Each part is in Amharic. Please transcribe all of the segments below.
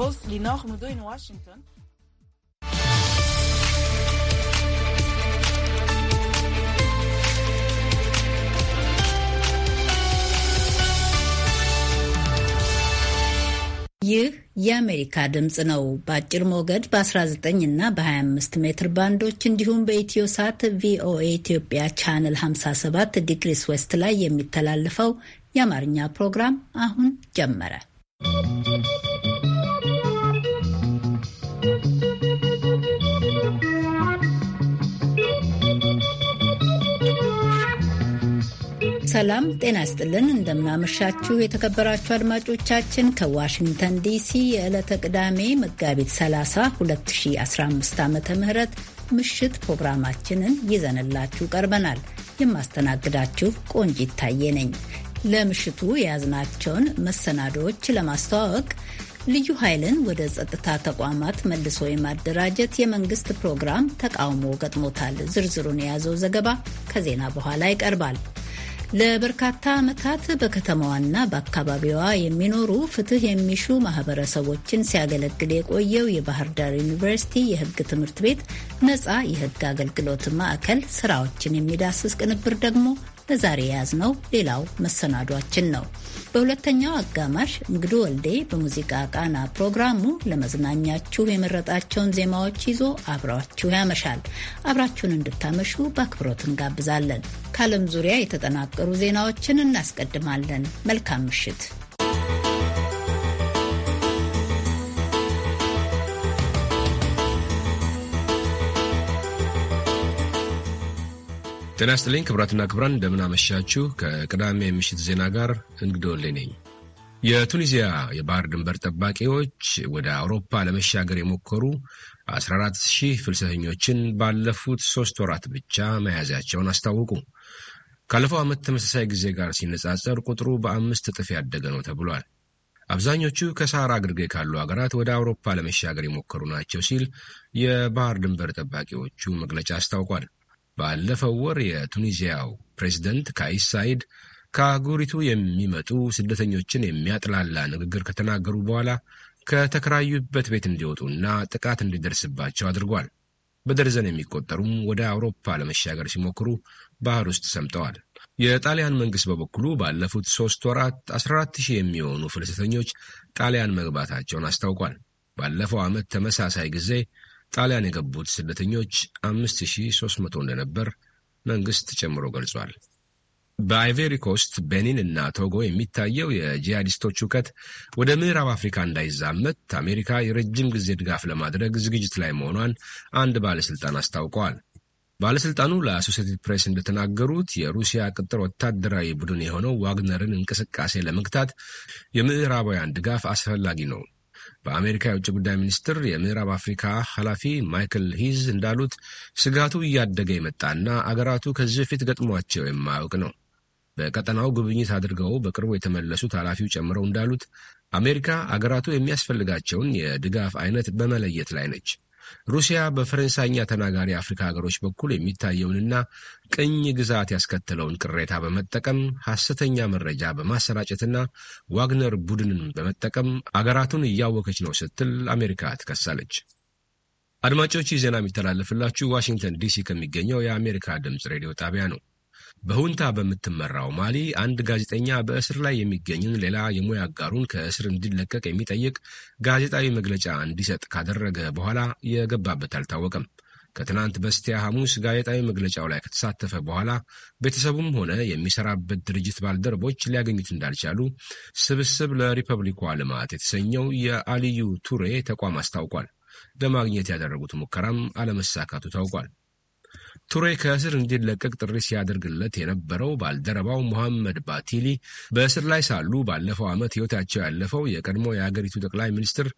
host Linor Mudo in Washington. ይህ የአሜሪካ ድምፅ ነው። በአጭር ሞገድ በ19 እና በ25 ሜትር ባንዶች እንዲሁም በኢትዮ ሳት ቪኦኤ ኢትዮጵያ ቻነል 57 ዲግሪስ ዌስት ላይ የሚተላለፈው የአማርኛ ፕሮግራም አሁን ጀመረ። ሰላም ጤና ይስጥልን። እንደምናመሻችሁ የተከበራችሁ አድማጮቻችን ከዋሽንግተን ዲሲ የዕለተ ቅዳሜ መጋቢት 30 2015 ዓ ም ምሽት ፕሮግራማችንን ይዘንላችሁ ቀርበናል። የማስተናግዳችሁ ቆንጂ ይታየ ነኝ። ለምሽቱ የያዝናቸውን መሰናዶዎች ለማስተዋወቅ ልዩ ኃይልን ወደ ጸጥታ ተቋማት መልሶ የማደራጀት የመንግስት ፕሮግራም ተቃውሞ ገጥሞታል። ዝርዝሩን የያዘው ዘገባ ከዜና በኋላ ይቀርባል። ለበርካታ ዓመታት በከተማዋና በአካባቢዋ የሚኖሩ ፍትህ የሚሹ ማህበረሰቦችን ሲያገለግል የቆየው የባህር ዳር ዩኒቨርሲቲ የህግ ትምህርት ቤት ነጻ የህግ አገልግሎት ማዕከል ስራዎችን የሚዳስስ ቅንብር ደግሞ ለዛሬ የያዝነው ሌላው መሰናዷችን ነው። በሁለተኛው አጋማሽ እንግዱ ወልዴ በሙዚቃ ቃና ፕሮግራሙ ለመዝናኛችሁ የመረጣቸውን ዜማዎች ይዞ አብራችሁ ያመሻል። አብራችሁን እንድታመሹ በአክብሮት እንጋብዛለን። ከዓለም ዙሪያ የተጠናቀሩ ዜናዎችን እናስቀድማለን። መልካም ምሽት። ጤና ይስጥልኝ ክብራትና ክብራን፣ እንደምን አመሻችሁ። ከቅዳሜ ምሽት ዜና ጋር እንግዶ ነኝ። የቱኒዚያ የባህር ድንበር ጠባቂዎች ወደ አውሮፓ ለመሻገር የሞከሩ 14 ሺህ ፍልሰተኞችን ባለፉት ሶስት ወራት ብቻ መያዛቸውን አስታወቁ። ካለፈው ዓመት ተመሳሳይ ጊዜ ጋር ሲነጻጸር ቁጥሩ በአምስት እጥፍ ያደገ ነው ተብሏል። አብዛኞቹ ከሳራ ግርጌ ካሉ ሀገራት ወደ አውሮፓ ለመሻገር የሞከሩ ናቸው ሲል የባህር ድንበር ጠባቂዎቹ መግለጫ አስታውቋል። ባለፈው ወር የቱኒዚያው ፕሬዚደንት ካይስ ሳይድ ከአህጉሪቱ የሚመጡ ስደተኞችን የሚያጥላላ ንግግር ከተናገሩ በኋላ ከተከራዩበት ቤት እንዲወጡና ጥቃት እንዲደርስባቸው አድርጓል። በደርዘን የሚቆጠሩም ወደ አውሮፓ ለመሻገር ሲሞክሩ ባህር ውስጥ ሰምጠዋል። የጣሊያን መንግሥት በበኩሉ ባለፉት ሦስት ወራት 14 ሺህ የሚሆኑ ፍልሰተኞች ጣሊያን መግባታቸውን አስታውቋል። ባለፈው ዓመት ተመሳሳይ ጊዜ ጣሊያን የገቡት ስደተኞች 5300 እንደነበር መንግሥት ጨምሮ ገልጿል። በአይቬሪ ኮስት፣ ቤኒን እና ቶጎ የሚታየው የጂሃዲስቶች እውቀት ወደ ምዕራብ አፍሪካ እንዳይዛመት አሜሪካ የረጅም ጊዜ ድጋፍ ለማድረግ ዝግጅት ላይ መሆኗን አንድ ባለሥልጣን አስታውቀዋል። ባለሥልጣኑ ለአሶሴትድ ፕሬስ እንደተናገሩት የሩሲያ ቅጥር ወታደራዊ ቡድን የሆነው ዋግነርን እንቅስቃሴ ለመግታት የምዕራባውያን ድጋፍ አስፈላጊ ነው። በአሜሪካ የውጭ ጉዳይ ሚኒስትር የምዕራብ አፍሪካ ኃላፊ ማይክል ሂዝ እንዳሉት ስጋቱ እያደገ የመጣና አገራቱ ከዚህ በፊት ገጥሟቸው የማያውቅ ነው። በቀጠናው ጉብኝት አድርገው በቅርቡ የተመለሱት ኃላፊው ጨምረው እንዳሉት አሜሪካ አገራቱ የሚያስፈልጋቸውን የድጋፍ አይነት በመለየት ላይ ነች። ሩሲያ በፈረንሳይኛ ተናጋሪ አፍሪካ ሀገሮች በኩል የሚታየውንና ቅኝ ግዛት ያስከተለውን ቅሬታ በመጠቀም ሐሰተኛ መረጃ በማሰራጨትና ዋግነር ቡድንን በመጠቀም አገራቱን እያወከች ነው ስትል አሜሪካ ትከሳለች። አድማጮች፣ ዜና የሚተላለፍላችሁ ዋሽንግተን ዲሲ ከሚገኘው የአሜሪካ ድምፅ ሬዲዮ ጣቢያ ነው። በሁንታ በምትመራው ማሊ አንድ ጋዜጠኛ በእስር ላይ የሚገኝን ሌላ የሙያ አጋሩን ከእስር እንዲለቀቅ የሚጠይቅ ጋዜጣዊ መግለጫ እንዲሰጥ ካደረገ በኋላ የገባበት አልታወቀም። ከትናንት በስቲያ ሐሙስ ጋዜጣዊ መግለጫው ላይ ከተሳተፈ በኋላ ቤተሰቡም ሆነ የሚሰራበት ድርጅት ባልደረቦች ሊያገኙት እንዳልቻሉ ስብስብ ለሪፐብሊኳ ልማት የተሰኘው የአልዩ ቱሬ ተቋም አስታውቋል። ለማግኘት ያደረጉት ሙከራም አለመሳካቱ ታውቋል። ቱሬ ከእስር እንዲለቀቅ ጥሪ ሲያደርግለት የነበረው ባልደረባው ሙሐመድ ባቲሊ በእስር ላይ ሳሉ ባለፈው ዓመት ሕይወታቸው ያለፈው የቀድሞ የአገሪቱ ጠቅላይ ሚኒስትር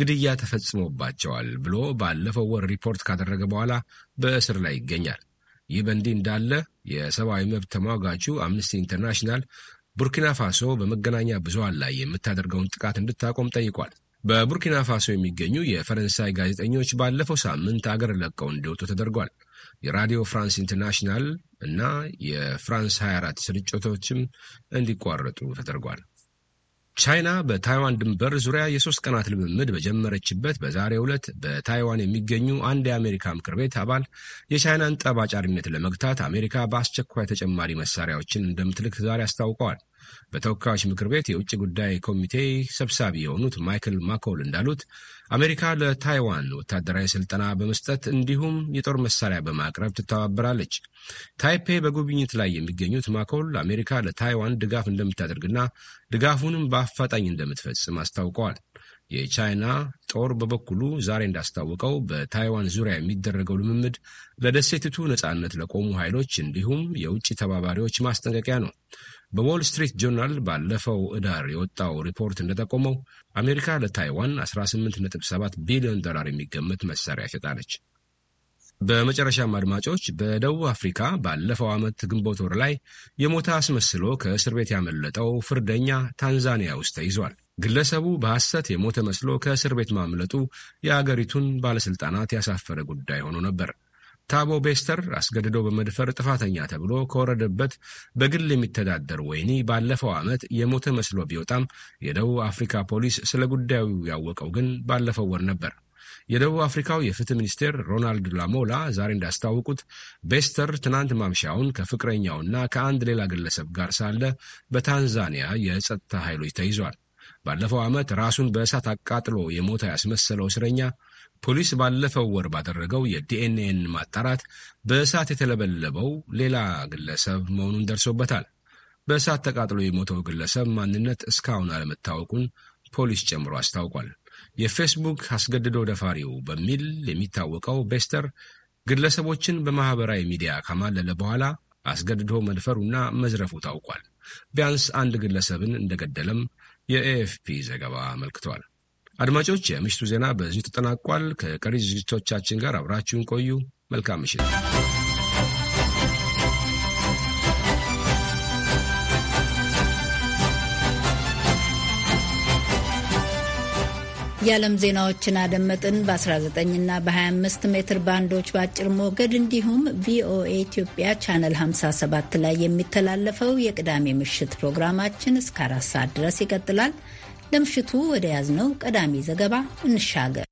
ግድያ ተፈጽሞባቸዋል ብሎ ባለፈው ወር ሪፖርት ካደረገ በኋላ በእስር ላይ ይገኛል። ይህ በእንዲህ እንዳለ የሰብአዊ መብት ተሟጋቹ አምነስቲ ኢንተርናሽናል ቡርኪና ፋሶ በመገናኛ ብዙሃን ላይ የምታደርገውን ጥቃት እንድታቆም ጠይቋል። በቡርኪና ፋሶ የሚገኙ የፈረንሳይ ጋዜጠኞች ባለፈው ሳምንት አገር ለቀው እንዲወጡ ተደርጓል። የራዲዮ ፍራንስ ኢንተርናሽናል እና የፍራንስ 24 ስርጭቶችም እንዲቋረጡ ተደርጓል። ቻይና በታይዋን ድንበር ዙሪያ የሶስት ቀናት ልምምድ በጀመረችበት በዛሬ ዕለት በታይዋን የሚገኙ አንድ የአሜሪካ ምክር ቤት አባል የቻይናን ጠብ አጫሪነት ለመግታት አሜሪካ በአስቸኳይ ተጨማሪ መሳሪያዎችን እንደምትልክ ዛሬ አስታውቀዋል። በተወካዮች ምክር ቤት የውጭ ጉዳይ ኮሚቴ ሰብሳቢ የሆኑት ማይክል ማኮል እንዳሉት አሜሪካ ለታይዋን ወታደራዊ ስልጠና በመስጠት እንዲሁም የጦር መሳሪያ በማቅረብ ትተባበራለች። ታይፔ በጉብኝት ላይ የሚገኙት ማኮል አሜሪካ ለታይዋን ድጋፍ እንደምታደርግና ድጋፉንም በአፋጣኝ እንደምትፈጽም አስታውቀዋል። የቻይና ጦር በበኩሉ ዛሬ እንዳስታወቀው በታይዋን ዙሪያ የሚደረገው ልምምድ ለደሴቲቱ ነጻነት ለቆሙ ኃይሎች እንዲሁም የውጭ ተባባሪዎች ማስጠንቀቂያ ነው። በዎል ስትሪት ጆርናል ባለፈው እዳር የወጣው ሪፖርት እንደጠቆመው አሜሪካ ለታይዋን 18.7 ቢሊዮን ዶላር የሚገመት መሳሪያ ይሸጣለች። በመጨረሻም አድማጮች በደቡብ አፍሪካ ባለፈው ዓመት ግንቦት ወር ላይ የሞተ አስመስሎ ከእስር ቤት ያመለጠው ፍርደኛ ታንዛኒያ ውስጥ ተይዟል። ግለሰቡ በሐሰት የሞተ መስሎ ከእስር ቤት ማምለጡ የአገሪቱን ባለሥልጣናት ያሳፈረ ጉዳይ ሆኖ ነበር። ታቦ ቤስተር አስገድዶ በመድፈር ጥፋተኛ ተብሎ ከወረደበት በግል የሚተዳደር ወይኒ ባለፈው ዓመት የሞተ መስሎ ቢወጣም የደቡብ አፍሪካ ፖሊስ ስለ ጉዳዩ ያወቀው ግን ባለፈው ወር ነበር። የደቡብ አፍሪካው የፍትህ ሚኒስቴር ሮናልድ ላሞላ ዛሬ እንዳስታወቁት ቤስተር ትናንት ማምሻውን ከፍቅረኛውና ከአንድ ሌላ ግለሰብ ጋር ሳለ በታንዛኒያ የጸጥታ ኃይሎች ተይዟል። ባለፈው ዓመት ራሱን በእሳት አቃጥሎ የሞተ ያስመሰለው እስረኛ ፖሊስ ባለፈው ወር ባደረገው የዲኤንኤን ማጣራት በእሳት የተለበለበው ሌላ ግለሰብ መሆኑን ደርሶበታል። በእሳት ተቃጥሎ የሞተው ግለሰብ ማንነት እስካሁን አለመታወቁን ፖሊስ ጨምሮ አስታውቋል። የፌስቡክ አስገድዶ ደፋሪው በሚል የሚታወቀው ቤስተር ግለሰቦችን በማኅበራዊ ሚዲያ ከማለለ በኋላ አስገድዶ መድፈሩና መዝረፉ ታውቋል። ቢያንስ አንድ ግለሰብን እንደገደለም የኤኤፍፒ ዘገባ አመልክቷል። አድማጮች፣ የምሽቱ ዜና በዚሁ ተጠናቋል። ከቀሪ ዝግጅቶቻችን ጋር አብራችሁን ቆዩ። መልካም ምሽት። የዓለም ዜናዎችን አደመጥን። በ19ና በ25 ሜትር ባንዶች በአጭር ሞገድ እንዲሁም ቪኦኤ ኢትዮጵያ ቻነል 57 ላይ የሚተላለፈው የቅዳሜ ምሽት ፕሮግራማችን እስከ አራት ሰዓት ድረስ ይቀጥላል። ለምሽቱ ወደ ያዝነው ቀዳሚ ዘገባ እንሻገር።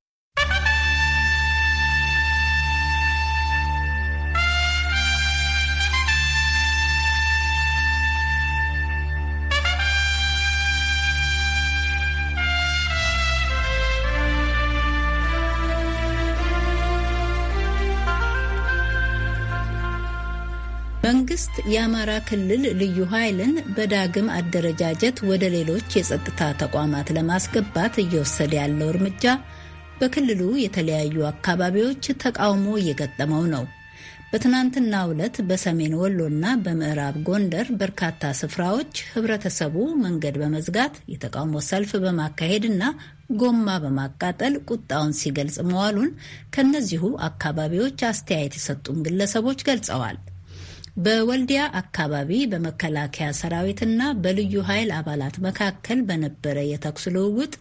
መንግስት የአማራ ክልል ልዩ ኃይልን በዳግም አደረጃጀት ወደ ሌሎች የጸጥታ ተቋማት ለማስገባት እየወሰደ ያለው እርምጃ በክልሉ የተለያዩ አካባቢዎች ተቃውሞ እየገጠመው ነው። በትናንትና ዕለት በሰሜን ወሎና በምዕራብ ጎንደር በርካታ ስፍራዎች ህብረተሰቡ መንገድ በመዝጋት የተቃውሞ ሰልፍ በማካሄድና ጎማ በማቃጠል ቁጣውን ሲገልጽ መዋሉን ከእነዚሁ አካባቢዎች አስተያየት የሰጡን ግለሰቦች ገልጸዋል። በወልዲያ አካባቢ በመከላከያ ሰራዊትና በልዩ ኃይል አባላት መካከል በነበረ የተኩስ ልውውጥ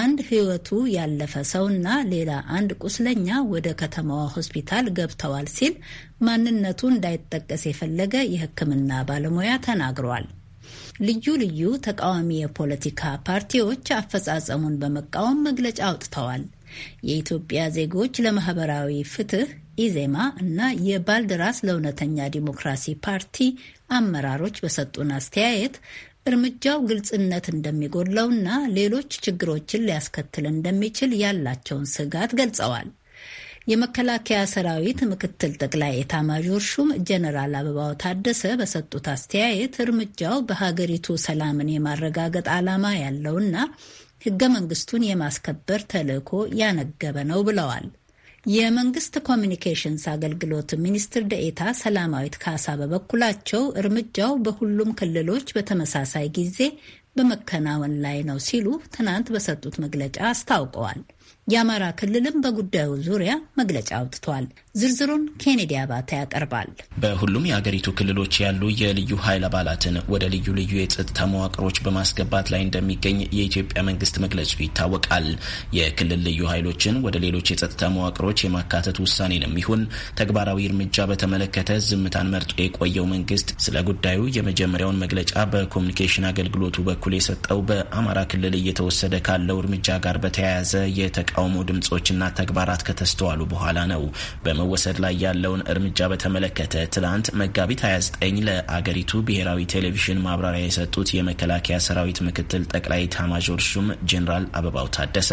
አንድ ሕይወቱ ያለፈ ሰውና ሌላ አንድ ቁስለኛ ወደ ከተማዋ ሆስፒታል ገብተዋል ሲል ማንነቱ እንዳይጠቀስ የፈለገ የሕክምና ባለሙያ ተናግሯል። ልዩ ልዩ ተቃዋሚ የፖለቲካ ፓርቲዎች አፈጻጸሙን በመቃወም መግለጫ አውጥተዋል። የኢትዮጵያ ዜጎች ለማህበራዊ ፍትህ ኢዜማ እና የባልደራስ ለእውነተኛ ዲሞክራሲ ፓርቲ አመራሮች በሰጡን አስተያየት እርምጃው ግልጽነት እንደሚጎድለውና ሌሎች ችግሮችን ሊያስከትል እንደሚችል ያላቸውን ስጋት ገልጸዋል። የመከላከያ ሰራዊት ምክትል ጠቅላይ ኤታማዦር ሹም ጀነራል አበባው ታደሰ በሰጡት አስተያየት እርምጃው በሀገሪቱ ሰላምን የማረጋገጥ ዓላማ ያለውና ሕገ መንግስቱን የማስከበር ተልዕኮ ያነገበ ነው ብለዋል። የመንግስት ኮሚኒኬሽንስ አገልግሎት ሚኒስትር ደኤታ ሰላማዊት ካሳ በበኩላቸው እርምጃው በሁሉም ክልሎች በተመሳሳይ ጊዜ በመከናወን ላይ ነው ሲሉ ትናንት በሰጡት መግለጫ አስታውቀዋል። የአማራ ክልልም በጉዳዩ ዙሪያ መግለጫ አውጥቷል። ዝርዝሩን ኬኔዲ አባተ ያቀርባል። በሁሉም የአገሪቱ ክልሎች ያሉ የልዩ ኃይል አባላትን ወደ ልዩ ልዩ የጸጥታ መዋቅሮች በማስገባት ላይ እንደሚገኝ የኢትዮጵያ መንግስት መግለጹ ይታወቃል። የክልል ልዩ ኃይሎችን ወደ ሌሎች የጸጥታ መዋቅሮች የማካተት ውሳኔንም ይሁን ተግባራዊ እርምጃ በተመለከተ ዝምታን መርጦ የቆየው መንግስት ስለ ጉዳዩ የመጀመሪያውን መግለጫ በኮሚኒኬሽን አገልግሎቱ በኩል የሰጠው በአማራ ክልል እየተወሰደ ካለው እርምጃ ጋር በተያያዘ የተቃውሞ ድምጾችና ተግባራት ከተስተዋሉ በኋላ ነው። በመወሰድ ላይ ያለውን እርምጃ በተመለከተ ትናንት መጋቢት 29 ለአገሪቱ ብሔራዊ ቴሌቪዥን ማብራሪያ የሰጡት የመከላከያ ሰራዊት ምክትል ጠቅላይ ኤታማዦር ሹም ጄኔራል አበባው ታደሰ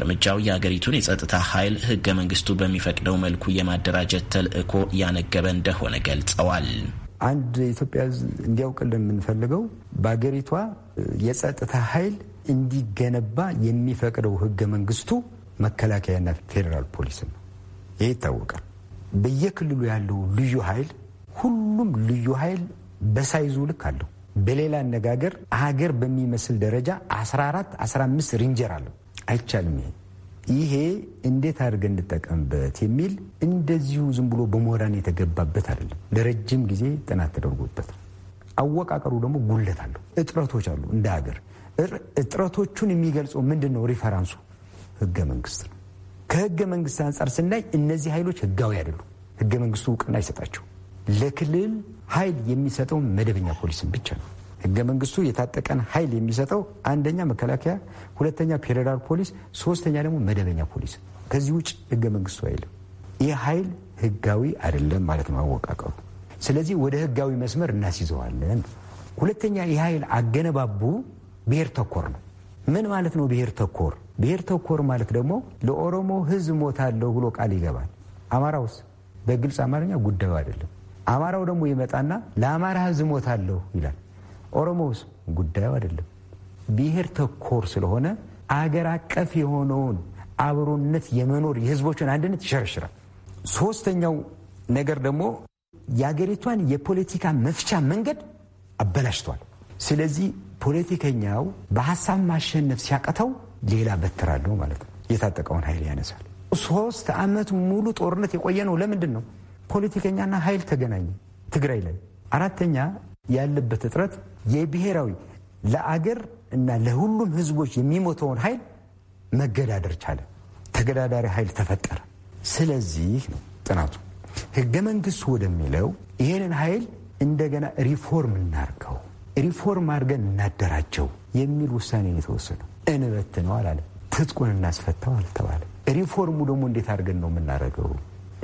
እርምጃው የአገሪቱን የጸጥታ ኃይል ህገ መንግስቱ በሚፈቅደው መልኩ የማደራጀት ተልዕኮ ያነገበ እንደሆነ ገልጸዋል። አንድ ኢትዮጵያ እንዲያውቅልን የምንፈልገው በአገሪቷ የጸጥታ ኃይል እንዲገነባ የሚፈቅደው ህገ መንግስቱ መከላከያና ፌዴራል ፖሊስ ነው። ይህ ይታወቃል። በየክልሉ ያለው ልዩ ኃይል ሁሉም ልዩ ኃይል በሳይዙ ልክ አለው። በሌላ አነጋገር ሀገር በሚመስል ደረጃ 14 15 ሬንጀር አለው። አይቻልም። ይሄ ይሄ እንዴት አድርገን እንጠቀምበት የሚል እንደዚሁ ዝም ብሎ በሞራን የተገባበት አይደለም። ለረጅም ጊዜ ጥናት ተደርጎበት አወቃቀሩ ደግሞ ጉለት አለው። እጥረቶች አሉ። እንደ ሀገር እጥረቶቹን የሚገልጸው ምንድን ነው? ሪፈራንሱ ህገ መንግስት ነው። ከህገ መንግስት አንጻር ስናይ እነዚህ ኃይሎች ህጋዊ አይደሉም። ህገ መንግስቱ እውቅና አይሰጣቸው። ለክልል ኃይል የሚሰጠው መደበኛ ፖሊስን ብቻ ነው። ህገ መንግስቱ የታጠቀን ኃይል የሚሰጠው አንደኛ መከላከያ፣ ሁለተኛ ፌዴራል ፖሊስ፣ ሶስተኛ ደግሞ መደበኛ ፖሊስ። ከዚህ ውጭ ህገ መንግስቱ አይልም። ይህ ኃይል ህጋዊ አይደለም ማለት ነው አወቃቀሩ። ስለዚህ ወደ ህጋዊ መስመር እናስይዘዋለን። ሁለተኛ የኃይል አገነባቡ ብሔር ተኮር ነው። ምን ማለት ነው? ብሔር ተኮር ብሔር ተኮር ማለት ደግሞ ለኦሮሞ ሕዝብ ሞታለሁ ብሎ ቃል ይገባል። አማራውስ በግልጽ አማርኛ ጉዳዩ አይደለም። አማራው ደግሞ ይመጣና ለአማራ ሕዝብ ሞታለሁ ይላል። ኦሮሞውስ ጉዳዩ አይደለም። ብሔር ተኮር ስለሆነ አገር አቀፍ የሆነውን አብሮነት የመኖር የህዝቦችን አንድነት ይሸረሽራል። ሶስተኛው ነገር ደግሞ የአገሪቷን የፖለቲካ መፍቻ መንገድ አበላሽቷል። ስለዚህ ፖለቲከኛው በሀሳብ ማሸነፍ ሲያቀተው ሌላ በትር አለው ማለት ነው። የታጠቀውን ኃይል ያነሳል። ሶስት ዓመት ሙሉ ጦርነት የቆየ ነው። ለምንድን ነው? ፖለቲከኛና ኃይል ተገናኘ ትግራይ ላይ። አራተኛ ያለበት እጥረት የብሔራዊ ለአገር እና ለሁሉም ህዝቦች የሚሞተውን ኃይል መገዳደር ቻለ። ተገዳዳሪ ኃይል ተፈጠረ። ስለዚህ ነው ጥናቱ ህገ መንግስቱ ወደሚለው ይህንን ኃይል እንደገና ሪፎርም እናርገው ሪፎርም አድርገን እናደራቸው የሚል ውሳኔ የተወሰነው። ነው አላለ ትጥቁን እናስፈታው አልተባለ። ሪፎርሙ ደግሞ እንዴት አድርገን ነው የምናደርገው?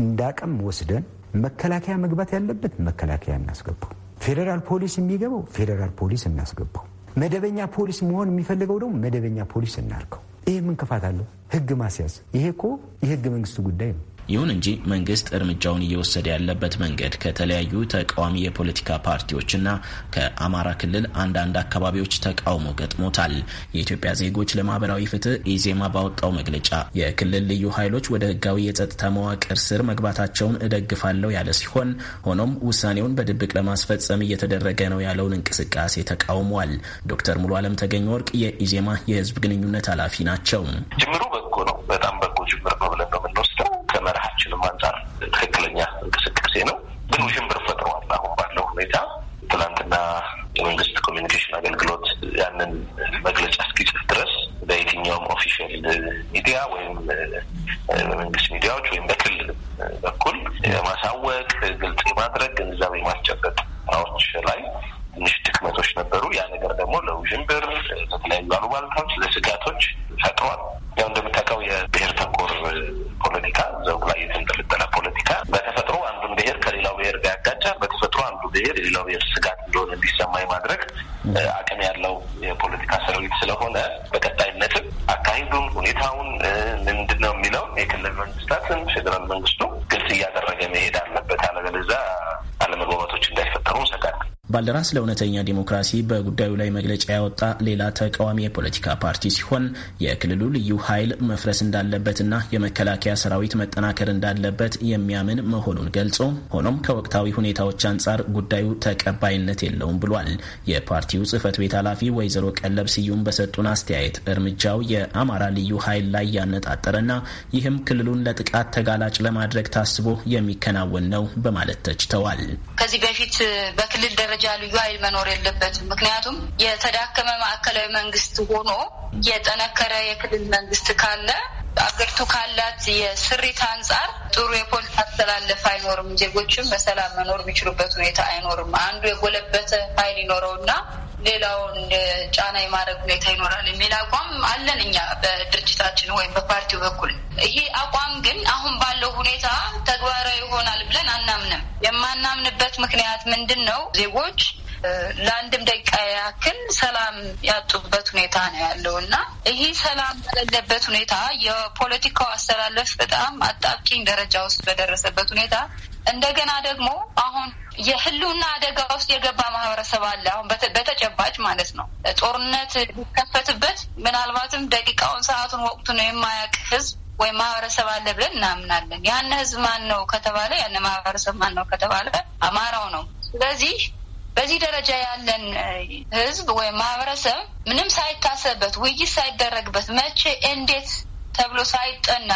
እንዳቅም ወስደን መከላከያ መግባት ያለበት መከላከያ እናስገባው፣ ፌዴራል ፖሊስ የሚገባው ፌዴራል ፖሊስ እናስገባው፣ መደበኛ ፖሊስ መሆን የሚፈልገው ደግሞ መደበኛ ፖሊስ እናርከው። ይህ ምን ክፋት አለው? ህግ ማስያዝ ይሄ እኮ የህገ መንግስቱ ጉዳይ ነው። ይሁን እንጂ መንግስት እርምጃውን እየወሰደ ያለበት መንገድ ከተለያዩ ተቃዋሚ የፖለቲካ ፓርቲዎችና ከአማራ ክልል አንዳንድ አካባቢዎች ተቃውሞ ገጥሞታል። የኢትዮጵያ ዜጎች ለማህበራዊ ፍትህ ኢዜማ ባወጣው መግለጫ የክልል ልዩ ኃይሎች ወደ ህጋዊ የጸጥታ መዋቅር ስር መግባታቸውን እደግፋለሁ ያለ ሲሆን ሆኖም ውሳኔውን በድብቅ ለማስፈጸም እየተደረገ ነው ያለውን እንቅስቃሴ ተቃውሟል። ዶክተር ሙሉ አለም ተገኘ ወርቅ የኢዜማ የህዝብ ግንኙነት ኃላፊ ናቸው። ጅምሩ በጎ ነው፣ በጣም በጎ ጅምር ነው ብለን ነው ከዚህም አንጻር ትክክለኛ እንቅስቃሴ ነው። ግን ውዥንብር ፈጥሯል። አሁን ባለው ሁኔታ ትላንትና የመንግስት ኮሚኒኬሽን አገልግሎት ያንን መግለጫ እስኪጽፍ ድረስ በየትኛውም ኦፊሻል ሚዲያ ወይም በመንግስት ሚዲያዎች ወይም በክልል በኩል የማሳወቅ ግልጽ የማድረግ ግንዛቤ የማስጨበጥ ስራዎች ላይ ትንሽ ድክመቶች ነበሩ። ያ ነገር ደግሞ ለውዥንብር፣ ለተለያዩ አሉባልታዎች፣ ለስጋቶች ባልደራስ ለእውነተኛ ዲሞክራሲ በጉዳዩ ላይ መግለጫ ያወጣ ሌላ ተቃዋሚ የፖለቲካ ፓርቲ ሲሆን የክልሉ ልዩ ኃይል መፍረስ እንዳለበትና የመከላከያ ሰራዊት መጠናከር እንዳለበት የሚያምን መሆኑን ገልጾ ሆኖም ከወቅታዊ ሁኔታዎች አንጻር ጉዳዩ ተቀባይነት የለውም ብሏል። የፓርቲው ጽህፈት ቤት ኃላፊ ወይዘሮ ቀለብ ስዩም በሰጡን አስተያየት እርምጃው የአማራ ልዩ ኃይል ላይ ያነጣጠረና ይህም ክልሉን ለጥቃት ተጋላጭ ለማድረግ ታስቦ የሚከናወን ነው በማለት ተችተዋል። ከዚህ በፊት በክልል ደረጃ ልዩ ኃይል መኖር የለበትም። ምክንያቱም የተዳከመ ማዕከላዊ መንግስት ሆኖ የጠነከረ የክልል መንግስት ካለ አገሪቱ ካላት የስሪት አንጻር ጥሩ የፖለቲካ አስተላለፍ አይኖርም። ዜጎችም በሰላም መኖር የሚችሉበት ሁኔታ አይኖርም። አንዱ የጎለበተ ኃይል ይኖረውና ሌላውን ጫና የማድረግ ሁኔታ ይኖራል የሚል አቋም አለን እኛ በድርጅታችን ወይም በፓርቲው በኩል። ይሄ አቋም ግን አሁን ባለው ሁኔታ ተግባራዊ ይሆናል ብለን አናምንም። የማናምንበት ምክንያት ምንድን ነው? ዜጎች ለአንድም ደቂቃ ያክል ሰላም ያጡበት ሁኔታ ነው ያለው እና ይህ ሰላም በሌለበት ሁኔታ የፖለቲካው አስተላለፍ በጣም አጣብቂኝ ደረጃ ውስጥ በደረሰበት ሁኔታ እንደገና ደግሞ አሁን የህልውና አደጋ ውስጥ የገባ ማህበረሰብ አለ። አሁን በተጨባጭ ማለት ነው። ጦርነት ሊከፈትበት ምናልባትም ደቂቃውን፣ ሰዓቱን፣ ወቅቱን የማያውቅ ህዝብ ወይም ማህበረሰብ አለ ብለን እናምናለን። ያን ህዝብ ማን ነው ከተባለ ያን ማህበረሰብ ማን ነው ከተባለ አማራው ነው። ስለዚህ በዚህ ደረጃ ያለን ህዝብ ወይም ማህበረሰብ ምንም ሳይታሰብበት ውይይት ሳይደረግበት መቼ እንዴት ተብሎ ሳይጠና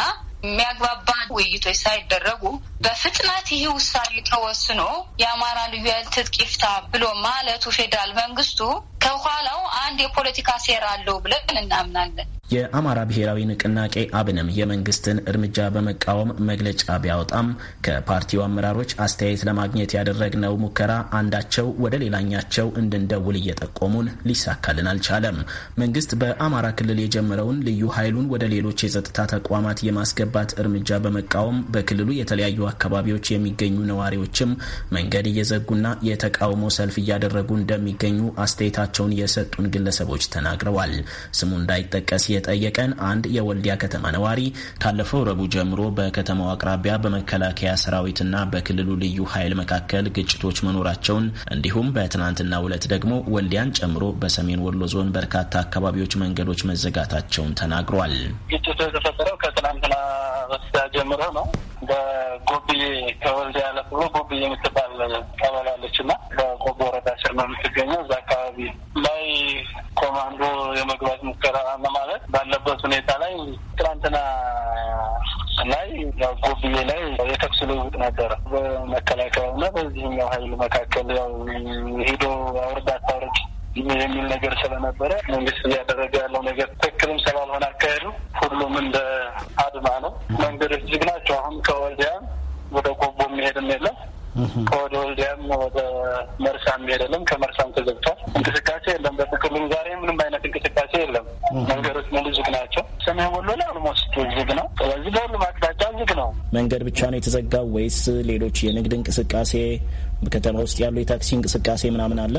የሚያግባባ ውይይቶች ሳይደረጉ በፍጥነት ይህ ውሳኔ ተወስኖ የአማራ ልዩ ኃይል ትጥቅ ይፍታ ብሎ ማለቱ ፌዴራል መንግስቱ ከኋላው አንድ የፖለቲካ ሴራ አለው ብለን እናምናለን። የአማራ ብሔራዊ ንቅናቄ አብንም የመንግስትን እርምጃ በመቃወም መግለጫ ቢያወጣም ከፓርቲው አመራሮች አስተያየት ለማግኘት ያደረግነው ሙከራ አንዳቸው ወደ ሌላኛቸው እንድንደውል እየጠቆሙን ሊሳካልን አልቻለም። መንግስት በአማራ ክልል የጀመረውን ልዩ ኃይሉን ወደ ሌሎች የጸጥታ ተቋማት የማስገባት እርምጃ በመቃወም በክልሉ የተለያዩ አካባቢዎች የሚገኙ ነዋሪዎችም መንገድ እየዘጉና የተቃውሞ ሰልፍ እያደረጉ እንደሚገኙ አስተያየታቸውን የሰጡን ግለሰቦች ተናግረዋል። ስሙ እንዳይጠቀስ የጠየቀን አንድ የወልዲያ ከተማ ነዋሪ ካለፈው ረቡዕ ጀምሮ በከተማው አቅራቢያ በመከላከያ ሰራዊትና በክልሉ ልዩ ኃይል መካከል ግጭቶች መኖራቸውን እንዲሁም በትናንትና ዕለት ደግሞ ወልዲያን ጨምሮ በሰሜን ወሎ ዞን በርካታ አካባቢዎች መንገዶች መዘጋታቸውን ተናግሯል። ግጭቱ የተፈጠረው ከትናንትና በስቲያ ጀምሮ ነው። ከወልዲያ ያለፍ ጎቢ የምትባል ቀበላለች እና በቆቦ ወረዳ ስር ነው የምትገኘው ስለነበረ መንግስት እያደረገ ያለው ነገር ትክክልም ስላልሆነ አካሄዱ ሁሉም እንደ አድማ ነው። መንገዶች ዝግ ናቸው። አሁን ከወልዲያም ወደ ቆቦ የሚሄድም የለም። ከወደ ወልዲያም ወደ መርሳ የሚሄድ የለም። ከመርሳም ተዘግቷል። እንቅስቃሴ የለም። በትክክሉም ዛሬ ምንም አይነት እንቅስቃሴ የለም። መንገዶች ሙሉ ዝግ ናቸው። ሰሜን ወሎ ላይ ኦልሞስት ዝግ ነው። ስለዚህ በሁሉም አቅጣጫ ዝግ ነው። መንገድ ብቻ ነው የተዘጋው ወይስ ሌሎች የንግድ እንቅስቃሴ፣ ከተማ ውስጥ ያሉ የታክሲ እንቅስቃሴ ምናምን አለ?